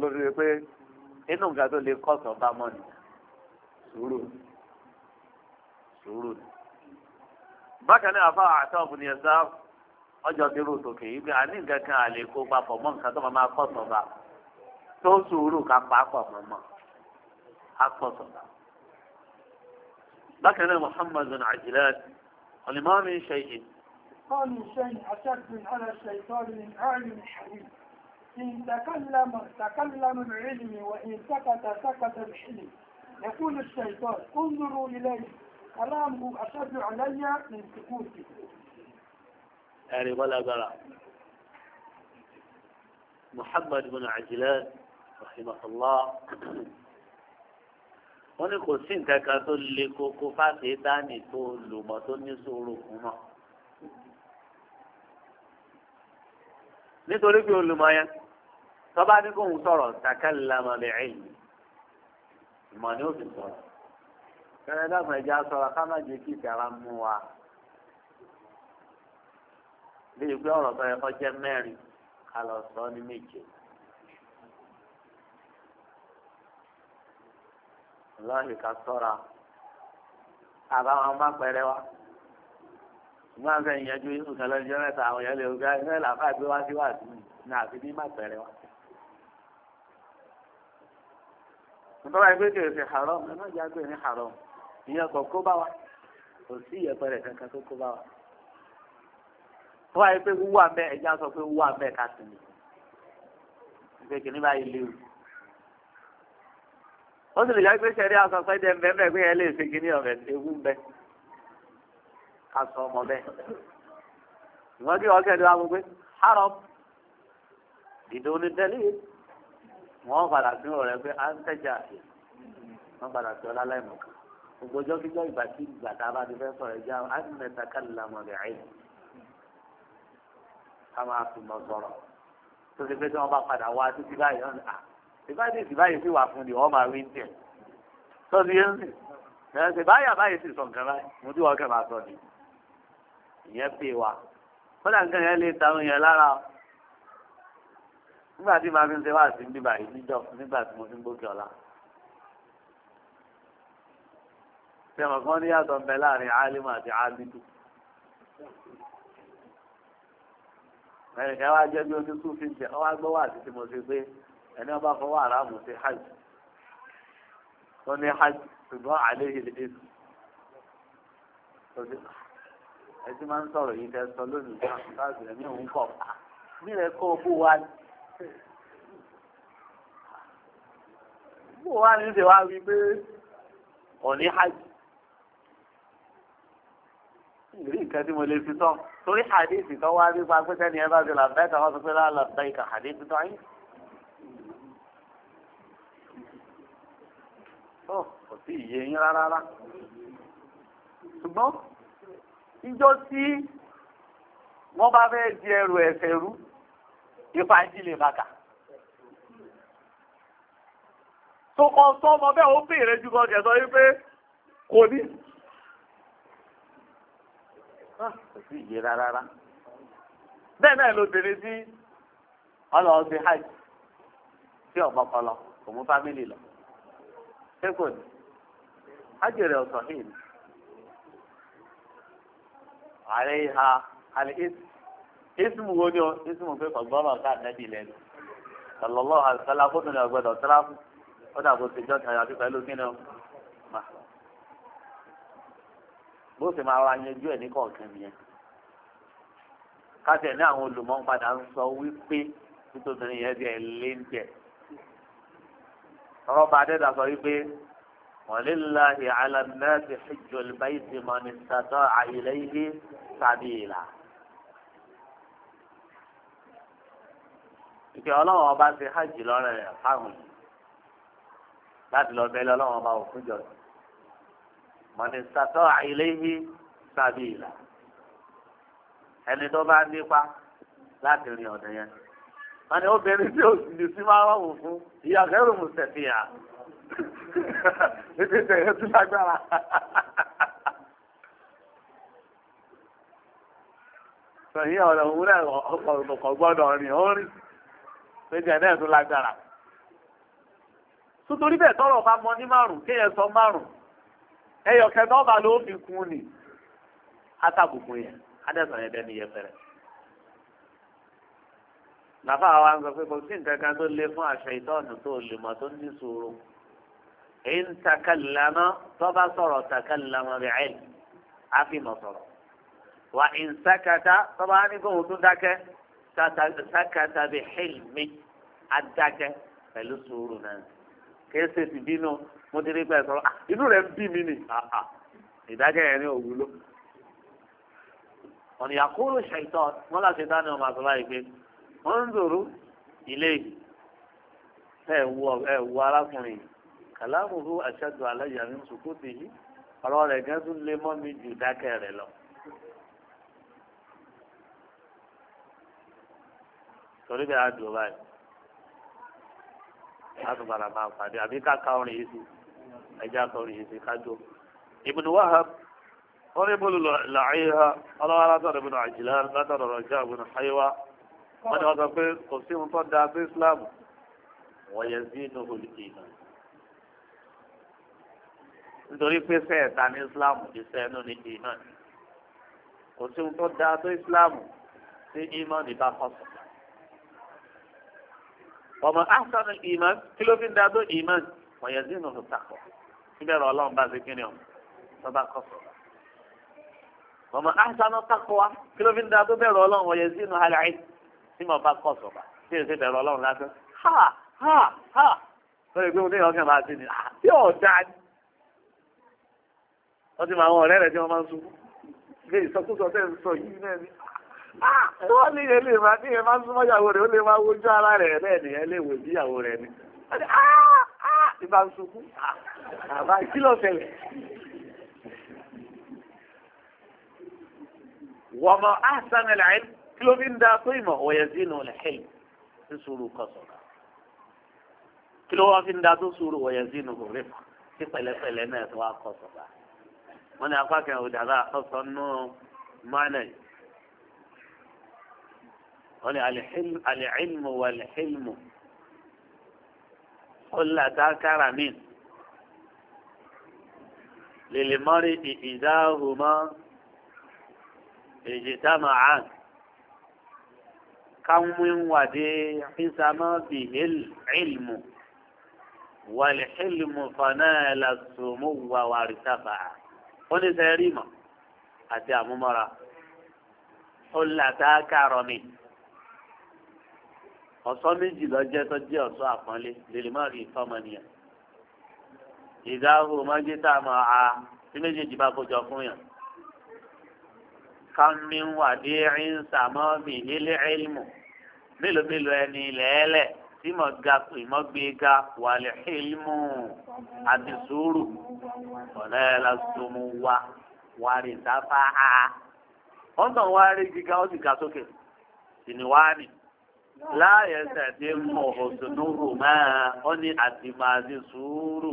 ló fi pé inú nǹkan tó lè kọ̀sọ̀ bá mọ́ ni sùúrù sùúrù ni. bákan náà àfa ni ẹ̀sà ọjọ́ ti rú tòkè yìí pé àní nǹkan kan àlè kó papọ̀ mọ́ nǹkan tó máa kọ̀sọ̀ bá tó sùúrù ká pa mọ́ mọ́ á kọ̀sọ̀ bá. bákan náà muhammadu ajilan ọ̀nìmọ́ mi ṣe شيطان شيء أشد على الشيطان من عالم حليم إن تكلم تكلم العلم وإن سكت سكت الحلم يقول الشيطان انظروا إليه كلامه أشد علي من سكوته يعني ولا برع محمد بن عجلان رحمه الله wọ́n ní kò sí nǹkan kan tó le koko fáṣe dání tó lùmọ̀ tó ní sòrò kùn nítorí pé olùmọ̀ yẹn tọ́ba ní kò ń sọ̀rọ̀ takallama bi'ilm ìmọ̀ ni ó fi sọ̀rọ̀ kẹrẹ dàgbà ẹja sọ̀rọ̀ ká má jẹ́ kí ìtara mú wa bí ìgbé ọ̀rọ̀ tó yẹ kó jẹ́ mẹ́rin ká sọ ní méje. lọ́ọ̀lì ká sọ̀ra àbáwọn má pẹ̀rẹ́ wa máa ń fẹ́ ìyẹn ju yíṣù kan lọ́jọ́ àwọn èèyàn lè rú gbá iná ìlàfà gbé wá sí wàásù ní àfi bí má pẹ̀rẹ̀ wá. nítorí àìpé kèrè sí haram ẹ má jẹ́ ní haram ìyẹn kò kó bá wa kò sí ìyẹpẹrẹ kankan tó kó bá wa. wọ́n àìpé wúwà mẹ́ ẹ̀já sọ pé wúwà mẹ́ ká sì ní. ìpè kìíní báyìí léwu. ó sì lè jẹ́ pé sẹ́rí àsọ̀tọ́ ìdẹ́mbẹ́mbẹ́ pé ẹ ká sọ ọmọ bẹ́ẹ̀. ìwọ́n kí wọ́n kẹ́lẹ́ wá gbé hárọ̀ ìdò ní tẹ́lẹ̀ wọ́n padà sí ọ̀rẹ́ pé à ń tẹ́jà wọ́n padà sí ọlá láì mọ̀ká. gbogbo ọjọ́ kíjọ́ ìgbà tí ìgbà tá a bá ti fẹ́ sọ̀rọ̀ ẹja á ti mẹ́ta kálílà mọ̀ rẹ̀ àyè. ká máa fi mọ sọ̀rọ̀ tó ti pé tí wọ́n bá padà wá títí báyìí wọ́n máa sọ nǹkan báyìí mo tí wọ́n kẹ́ máa sọ ni ìyẹn pè wá kódà nǹkan yẹn lè ta oyin lára nígbà tí màá fi ń ṣe wá sí bíbá yìí níjọ nígbà tí mo fi ń gbókè ọ̀la. sẹ́wọ̀n kan ní ń bẹ láàrin alimu àti alidu. ẹnìkan wá jẹ́ bí oní sùn fi ń jẹ ọ wá gbọ́ wà mo ṣe pé ẹni ọba fọwọ́ àràmù ṣe hajj ó ní hajj ṣùgbọ́n àléhìlì èsì ẹ máa ń sọ̀rọ̀ yìí fẹ́ sọ lónìí láti rẹ̀ mí òun kọ̀ mí rẹ̀ kọ́ bó wa ni. bó wa ni ṣe wá wí pé ọ̀ní hajj. ìrí nǹkan tí mo lè fi tán torí hadithi tó wá nípa pé sẹ́ni ẹ bá ti làbẹ́ẹ̀kà wọ́n sọ pé làbẹ́ẹ̀kà hadithi tó ayé. kò sí ìyẹn rárá rárá ṣùgbọ́n ìjọ tí wọ́n bá fẹ́ di ẹrù ẹ̀fẹ̀ rú ipa ìdílé bàkà. tó kọ sọ ọmọ bẹ́ẹ̀ ó béèrè ju kan jẹ̀sọ wípé kò ní. Ah, sí ìyè rárá bẹ́ẹ̀ náà lóbìnrin sí ọlọ́ọ̀sìn hajj sí ọ̀pọ̀pọ̀ lọ kò mú fámìlì lọ. ṣé kò ní? hajj rẹ̀ ọ̀sán yìí ni àríhà àlìísì ismu wo ni o ismu pé kọgbọrọ ká nẹbi lẹ́nu sọlọlọ àlùfẹlá fóònù ní ọgbẹdọ tíráfù ó dàbò sí jọ tàyà fífẹ ló kí ni o mà bó sì máa wá yanjú ẹ ní kọ̀ọ̀kan nìyẹn káṣẹ ní àwọn olùmọ̀ padà sọ wípé nítorí yẹn ti ẹ lé ń adẹ́dà sọ wípé wàlíláhi alàmẹ́sì xijolbẹ́sì mọ̀nìsàtọ̀ àyìlẹ́yìí sàbíìlà. ìpè ọlọ́wọ́ ọba ti hajj lọ́rẹ̀ rẹ̀ fáwọn yìí láti lọ bẹ́ẹ̀ lọ́wọ́ ọba òkújọ mọ̀nìsàtọ̀ àyìlẹ́yìí sàbíìlà. ẹni tó bá nípa láti rìn ọ̀dẹ̀ yẹn. wọ́n ní obìnrin tí ò sì ní sí máa wà fún ìyá kẹrù mùsẹ̀fì ètò ìtẹ̀yẹ tún lágbára. sọ̀yìn ọ̀rọ̀ òun náà gbọ́dọ̀ rìn tọrọ bá mọ ní márùn kéèyàn sọ márùn kẹta ọba ló fi kún ni yẹn adẹ́sàn yẹn làbá fún àṣẹ ìtọ́nù tó lè mọ̀ tó ní إن تكلم طب صر تكلم بعلم عفي مصر وإن سكت طبعا يقول ذاك سكت بحلم أداك فلسورنا كيف تدينه مدري بقى صر إنه لم بيمني إذا كان يعني أقوله أن يقول الشيطان ما لا شيطان يوم أطلعه انظروا إليه ẹ wo ẹ wo arákùnrin yìí kàlámùhù àṣàdù aláyà ní sùkúùtì yìí ọ̀rọ̀ rẹ̀ gan tún lé mọ́ mi jù dákẹ́ rẹ̀ lọ. torí bẹ́ẹ̀ á dùn báyìí láti bàrà máa pàdé àbí ká ká orin yìí sí ẹja ká orin yìí sí ká jó. Ibn Wahab wọ́n ní bọ́ọ̀lù làáyíha ọlọ́wọ́ látọ̀rọ̀ Ibn Ajlan látọ̀rọ̀ rọ̀jà Ibn Haywa wọ́n ní wọ́n sọ pé kò sí ohun tó da sí Islam wọ́n yẹ sí inú olùkìyàn nítorí pé sẹ́ẹ̀ta ní islam ti sẹ́nu ní ìmọ̀ kò sí ohun tó dáa tó islam tí ìmọ̀ ní bá kọ́ sọ. ọmọ asan ìmọ̀ kí ló fi ń dáa tó ìmọ̀ wọ̀nyẹn sí ìnùnú takọ̀ níbẹ̀rẹ̀ ọlọ́run bá ṣe kí ni ọ̀ tó bá kọ́ sọ. ọmọ asan takọ̀ wa kí ló fi ń tó bẹ̀rẹ̀ ọlọ́run wọ̀nyẹn sí ìnù halẹ̀ tí mo bá kọ́ sọ̀bà tí èsì bẹ̀rẹ̀ ọlọ́run lásán ha ha ha lórí pé mo ní ọkàn máa ti ní àti wọ́n ti mọ àwọn ọ̀rẹ́ rẹ̀ tí wọ́n máa ń sunkún ilé ìsọkúsọ tẹ̀ ń sọ yìí náà ni ah, wọ́n ní ilé máa ní ẹ máa ń súnmọ́ ìyàwó rẹ̀ ó lè máa wojú ara rẹ̀ bẹ́ẹ̀ ni ẹ lè wò bí ìyàwó rẹ̀ ni ìbá ah, ah, ń sunkún àbá kí ló wọ́n mọ àṣàmì làyín kí ló fi ń da tó ìmọ̀ òye sínú lẹ́hìn ń sùúrù kọ̀sọ̀rọ̀ kí ló wá fi ń da tó sùúrù òye sínú òrèfà sí pẹ̀lẹ́pẹ̀lẹ́ náà tó wá kọ̀sọ̀rọ̀. من أقاك أود هذا خص النوم معنى قال الحلم العلم والحلم قل ذكر من للمرء إذا هما اجتمعا كم من وديع حسما به العلم والحلم فنال السمو وارتفع ó ní sẹ́ rí mọ̀ àti àmúmọ́ra ó là tá a kàrọ̀ mi ọ̀sán méjì lọ́jẹ́ tó jẹ́ ọ̀sán àpọ́nlé lèlè má rí ìtọ́mọnìyàn ìdáhùn mọ́jú tá a mọ̀ a tí méjèèjì bá kó jọ fún yàn kàmí wàdí sàmọ́ mi nílé ẹ̀lmù mélòó mélòó ẹni lẹ́ẹ̀lẹ́ẹ̀ tí mo ga ìmọ̀ gbé ga wàlẹ̀ ìlmù àti sùúrù ọ̀nà ẹ̀la sọmọ wa wàrí sáfà á. wọ́n tàn wá rí gíga ó sì ga sókè sì ni wá nì. láàyè sẹ̀dí mọ̀ òṣùnú rò máa ó ní àti máa ní sùúrù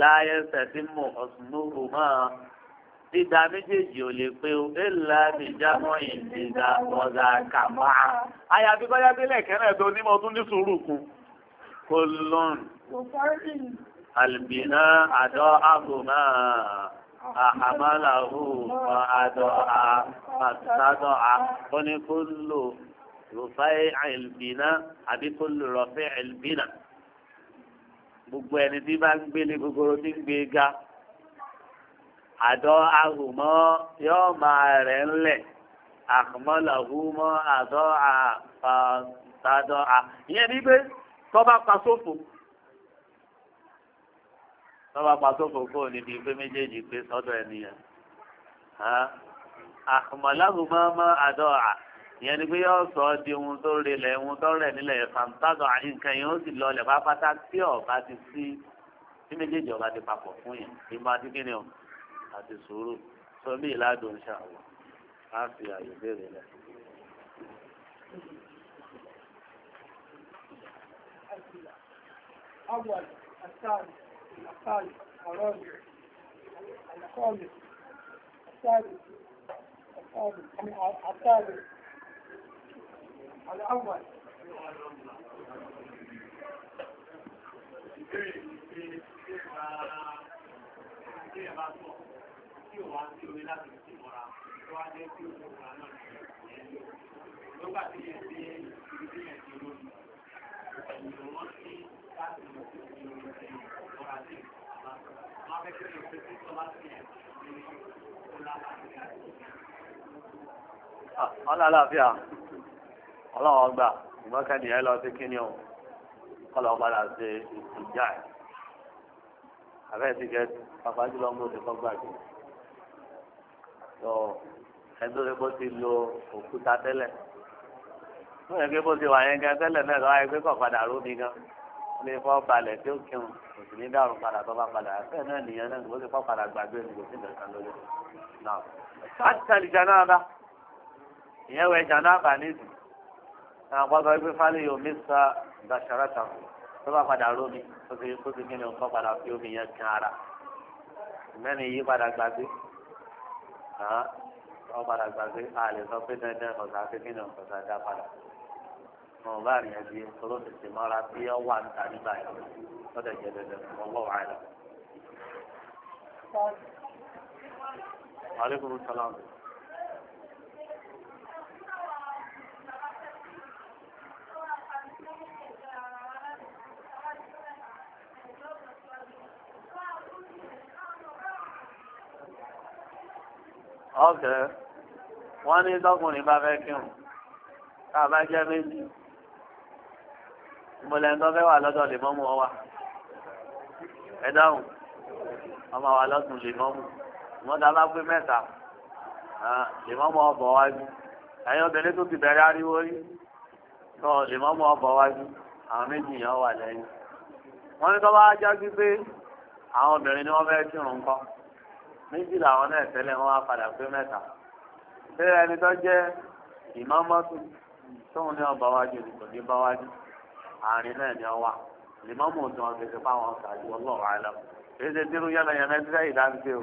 láàyè sẹ̀dí mọ̀ òṣùnú rò máa dídá méjèèjì ò lè pé o èlà nìjámọ́ ìdídá ọ̀dà kàmá. àyàfi báyá délẹ̀ kẹ́rẹ́ tó ní mo tún ní sùúrù kù kó lọ́n. àlùbínà àdọ́ àgùnmá àhàmàláhù àdọ́ àtàdọ́ àkọ́nikólò rọ̀fáì àlùbínà àbí kólò rọ̀fẹ́ àlùbínà. gbogbo ẹni tí bá ń gbélé gbogbo tí ń gbé ga àdọ́ ahùmọ́ yóò máa rẹ̀ ńlẹ̀ àkùmọ́làhùmọ́ àdọ́ àfàdọ́ à. ìyẹn ní pé tó bá pa sófò tó bá pa sófò kó níbi pé méjèèjì pé sọ́dọ̀ ẹnìyàn. àkùmọ́làhùmọ́ mọ́ àdọ́ à ìyẹn ni pé yóò sọ ọ́ di ohun tó relẹ̀ ohun tó rẹ̀ nílẹ̀ fàǹtàgọ̀ àyínká yẹn ó sì lọlẹ̀ pápátá tí ọ̀bá ti sí tí méjèèjì ọba ti papọ̀ fún yẹn ìmọ̀ àti kíni o àti sùúrù sọ bí ìlàdùn ṣàwọ̀ á fi àyè béèrè lẹ. أول الثاني الثالث الرابع الخامس السادس السادس الثالث الأول Thank you tí òun á sí omi láti fi mọ́ra tó wá dé tí òun kúrò náà yẹn lò. Lọ́gbà tí yẹn dé ibi tí yẹn ọlọ́wọ́ gbà, ìgbọ́n kẹ́ni ẹ lọ sí kíní ọ̀hún, kọ́lọ̀ padà ṣe ìjà ẹ̀. Àbẹ́ẹ̀ ti gẹ́ pàpájúlọ́mọ́ ti kọ́ gbàgbé. ẹ̀dọ́ bó ti lo òkúta tẹ́lẹ̀ fún ẹgbẹ́ bó ti wà yẹn gan tẹ́lẹ̀ na lọ́wọ́ ẹgbẹ́ kan padà rómi gan lè fọ́ balẹ̀ tí ó kírun ní dàrú padà tó bá padà bẹ́ẹ̀ náà nìyẹn náà ló ti padà gbàgbé ní lórí náà. ìyẹn wẹ nídìí yóò tó bá padà rómi tó ti kí ni padà fi omi yẹn ara yí wọ́n padà gbà pé a lè sọ pé dandan ọ̀sà kékeré ọ̀sà dá padà. wọn bá rìn ẹbí olóṣèṣe mọ́ra tí ó wà níta nígbà yẹn lọ́dọ̀ jẹ́ dandan ọlọ́ wa rẹ̀. aleykum salaam. ọ̀kẹ́ wọ́n ní tọkùnrin bá fẹ́ kírun tá a bá jẹ́ méjì ìmọ̀lẹ̀ ńtọ́ fẹ́ wà lọ́dọ̀ lè mọ́mú ọ wa ẹ dáhùn ọmọ wa lọ́dún lè mọ́mú ìmọ̀ta bá gbé mẹ́ta lè mọ́mú ọbọ̀ wájú ẹ̀yin obìnrin tó ti bẹ̀rẹ̀ ariwo rí tọ́ lè mọ́mú ọbọ̀ wájú àwọn méjì yẹn wà lẹ́yìn wọ́n ní tọ́ bá jágbé pé àwọn obìnrin ni wọ́n fẹ́ kírun kọ́ méjì làwọn náà tẹ́lẹ̀ wọ́n á padà pé mẹ́ta tẹ́lẹ̀ ẹni tó jẹ́ ìmọ̀mọ́tò tóun ní ọba wájú kò ní bá wájú àárín náà ni ọwà ìmọ̀mọ́ òtún ọ̀sẹ̀ ti fáwọn ọ̀sẹ̀ àti ọlọ́run àìlọ́ èyí ṣe dírú yẹn náà dídá ìdánsẹ́ o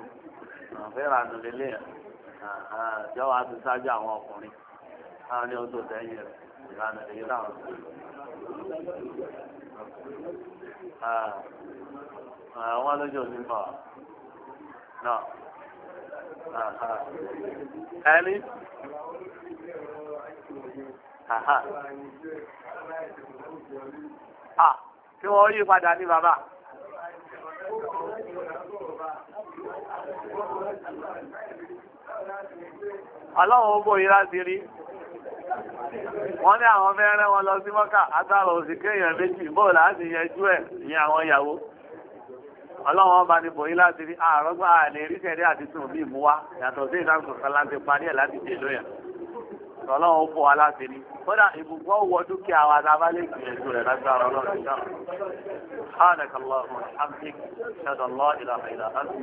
àfẹ́ràn àdùnlélẹ̀ jọwọ́ àti sáájú àwọn ọkùnrin àwọn ní oṣù tẹ́yìn rẹ̀ ìlànà èyí láwọn sí lójú òní náà ẹni kí wọ́n yí padà ní bàbá. ọlọ́run ó bòyí láti rí wọ́n ní àwọn fẹ́ wọn lọ sí mọ́kà àtàrà òsì kéèyàn méjì bóòlù láti yanjú ẹ̀ ní àwọn ìyàwó ọlọ́wọ́n ọba ni bòyí láti rí àrọ́gbà àlè ríṣẹ̀rí àti tùn bí mú wa yàtọ̀ sí ìdáhùn kọ̀ọ̀kan láti parí ẹ̀ láti dè lóyà ọlọ́wọ́n bọ̀ wá láti rí kódà ìbùkún ọwọ́ dúkìá wa ta bá lè gbìyànjú rẹ̀ lágbára ọlọ́run náà سبحانك اللهم وبحمدك اشهد ان لا اله الا انت